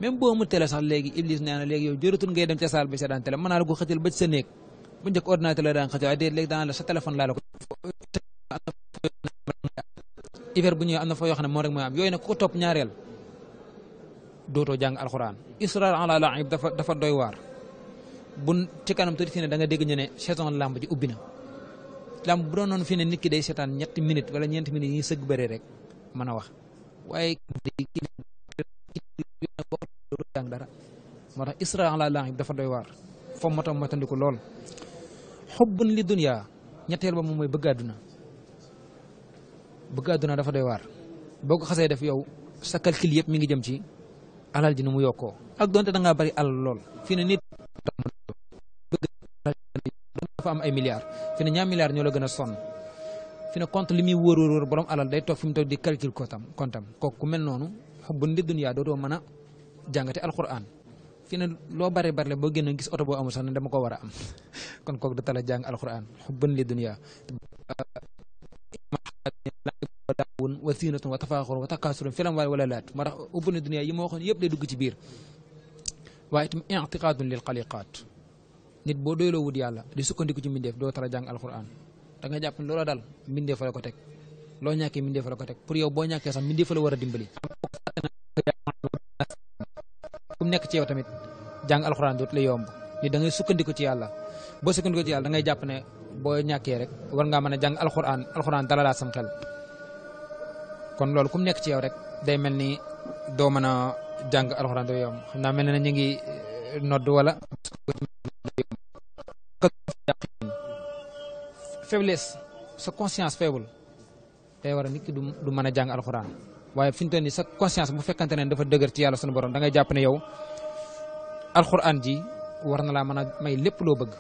B: même boo mu télé sax léegi Iblis nee na léegi yow jëratul ngay dem ca saal bi sa daan man mën naa la ko xëccal ba ci sa néeg bu njëkk ordinateur la daan xëccal waaye déet léegi daan la sa téléphone laa la ko hiver bu ñëwee am na foo yoo xam ne moom rek mooy am yooyu nag ko topp ñaareel dootoo jàng alxuraan israr bun ci kanam tuuti fina da nga deg ñu ne saison lamb ji ubbi lamb bu doon noonu nit ki day setan ñetti minute wala ñent minute yi seug bari rek mën a wax do jang dara motax isra ala la lang dafa doy war fo motam tax mooy tandiku lool xubbun li dunya ñettel ba mo moy bëgg aduna bëgg dafa doy war boko xasse def yow sa calcul yep mi ngi jëm ci alal ji nu mu yokkoo ak donte da nga bari al lol nit dafa am ay milliards fi ne ñaar milliards ñoo la gëna a fi ne compte limi wër wër wóor borom alal day tok fi mu tok di calcul kontam kontam ko ku mel nonu xam ndi dunya do do mëna jàngate alquran fi ne lo bari bari bo gëna gis auto bo amu sax ne dama ko wara am kon kooku da tala jang alquran xubban li dunya daawun wa siinatun wa tafaaxur wa takaasurun fi lam wala lat marah ubun dunya yi mo waxoon yeb day dugg ci bir waye tam i'tiqadun lil qaliqat nit bo doylo wut yalla di sukkandiku ci mindeef do tara jang alquran da nga japp ne dal dal fa la ko lo ñaké mindeef fa la ko tek pour yow bo ñaké sax fa la wara dimbali kum nek ci yow tamit jang alquran dootu la yomb ni da ngay sukkandiku ci yalla bo sukkandiku ci yalla da ngay japp ne bo ñaké rek war nga mëna jang alquran alquran alquran la sam xel kon loolu kum nek ci yow rek day mel do mëna jang alquran do yomb xamna melni ñi ngi eh, noddu wala faiblesse sa conscience faible day war a nit ki du du mën a jàng alxuraan waaye fi ñu toll nii sa conscience bu fekkante ne dafa dëgër ci yàlla sunu borom da ngay jàpp ne yow alxuraan ji war na laa mën a may lépp loo bëgg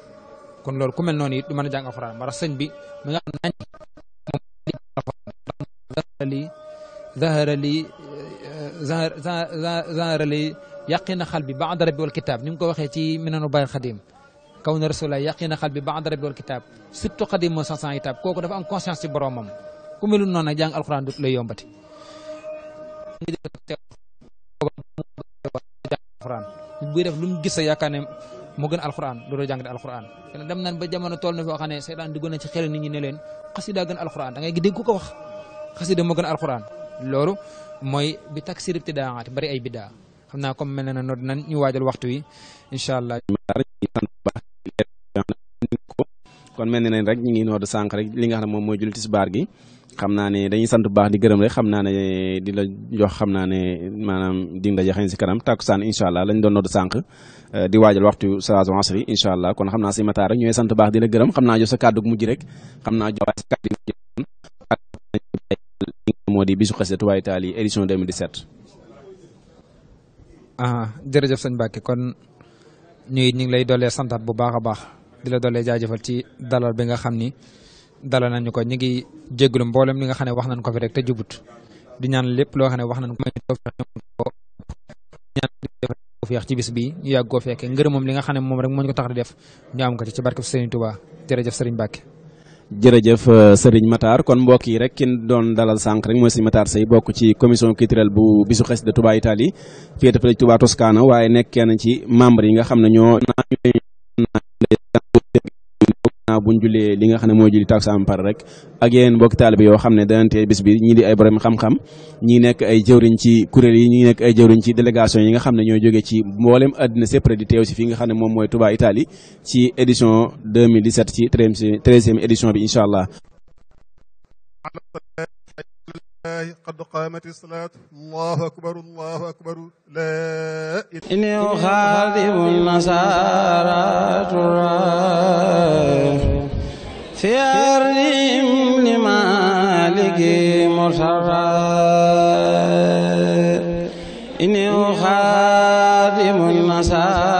B: kon loolu ku mel noonu it du mën a jàng mara sëñ bi mi nga nañ moom zahara li zahara yaqina xal bi baada rabbi wal ko waxee ci minanu bayil xadim kawna rasul rasulullah yaqina qalbi ba'da rabbil kitab sittu qadim moo sax sans itab dafa am conscience ci boromam ku melu non nag jang alquran dut lay yombati buy def lu gissa yakane mo gën alquran do do ya jang alquran kenn dem nan ba jamono tol na fo xane setan seytaan dugg ci xel nit ñi ne leen xasida gën alquran da ngay dégg ku ko wax qasida mo gën alquran loolu moy bi taksir ibtidaat bari ay biddaa xamna ko melena nod nan ñu wajal waxtu wi inshallah
A: kon mel ne nañ rek ñu ngi noodu sànq rek li nga xam ne moom mooy julli tisbaar gi xam naa ne dañuy sant bu baax di gërëm rek xam naa ne di la jox xam naa ne maanaam di nga daje xëy si kanam takkusaan incha allah lañ doon noodu sànq euh, di waajal waxtu salaatu asri incha allah kon xam naa si mataar rek ñooy sant baax di la gërëm xam naa jox sa kàddu mujj rek xam naa jox sa kàddu mujj moo di bisu xasida Touba Italie édition 2017.
B: ah jërëjëf sëñ Mbacke kon ñuy ñu ngi lay doolee santaat bu baax a baax. dila dole doolee jaajëfal ci dalal bi nga xamni ni dalal ko ñi ngi jégalu mbolam li nga xam wax nañ ko fi rek te jubut di ñaan lepp lo xam wax nañ ko ko ko ñaan fi wax ci bis bi ñu yàgg fekke ngeer mom li nga xam mom rek moñ ko tax di def ñu am ko ci barke Serigne Touba jërëjëf Serigne Mbacke
A: jërëjëf euh, serigne Matar kon mbokk yi rek kin doon dalal sank rek moy serigne Matar Sey bok ci commission culturelle bu bisu xess de Touba Italie fi def Touba Toscana waye nekk kenn ci membre yi nga xam ne ñoo ginnaaw buñ jullee li nga xam ne mooy julli takkusaan pare rek ak yeneen mbokki taalibe yoo xam ne danantee bis bi ñii di ay borom xam-xam ñii nekk ay jëwriñ ci kuréel yi ñii nekk ay jëwriñ ci délégation yi nga xam ne ñoo jógee ci mboolem àddina sépp di teew si fii nga xam ne moom mooy Touba Italie ci édition 2017 ci treizième édition bi incha allah
B: قد قامت الصلاة الله أكبر الله أكبر لا إن يخاذب النصارى
A: في أرضهم لمالك مصرى إن يخاذب النصارى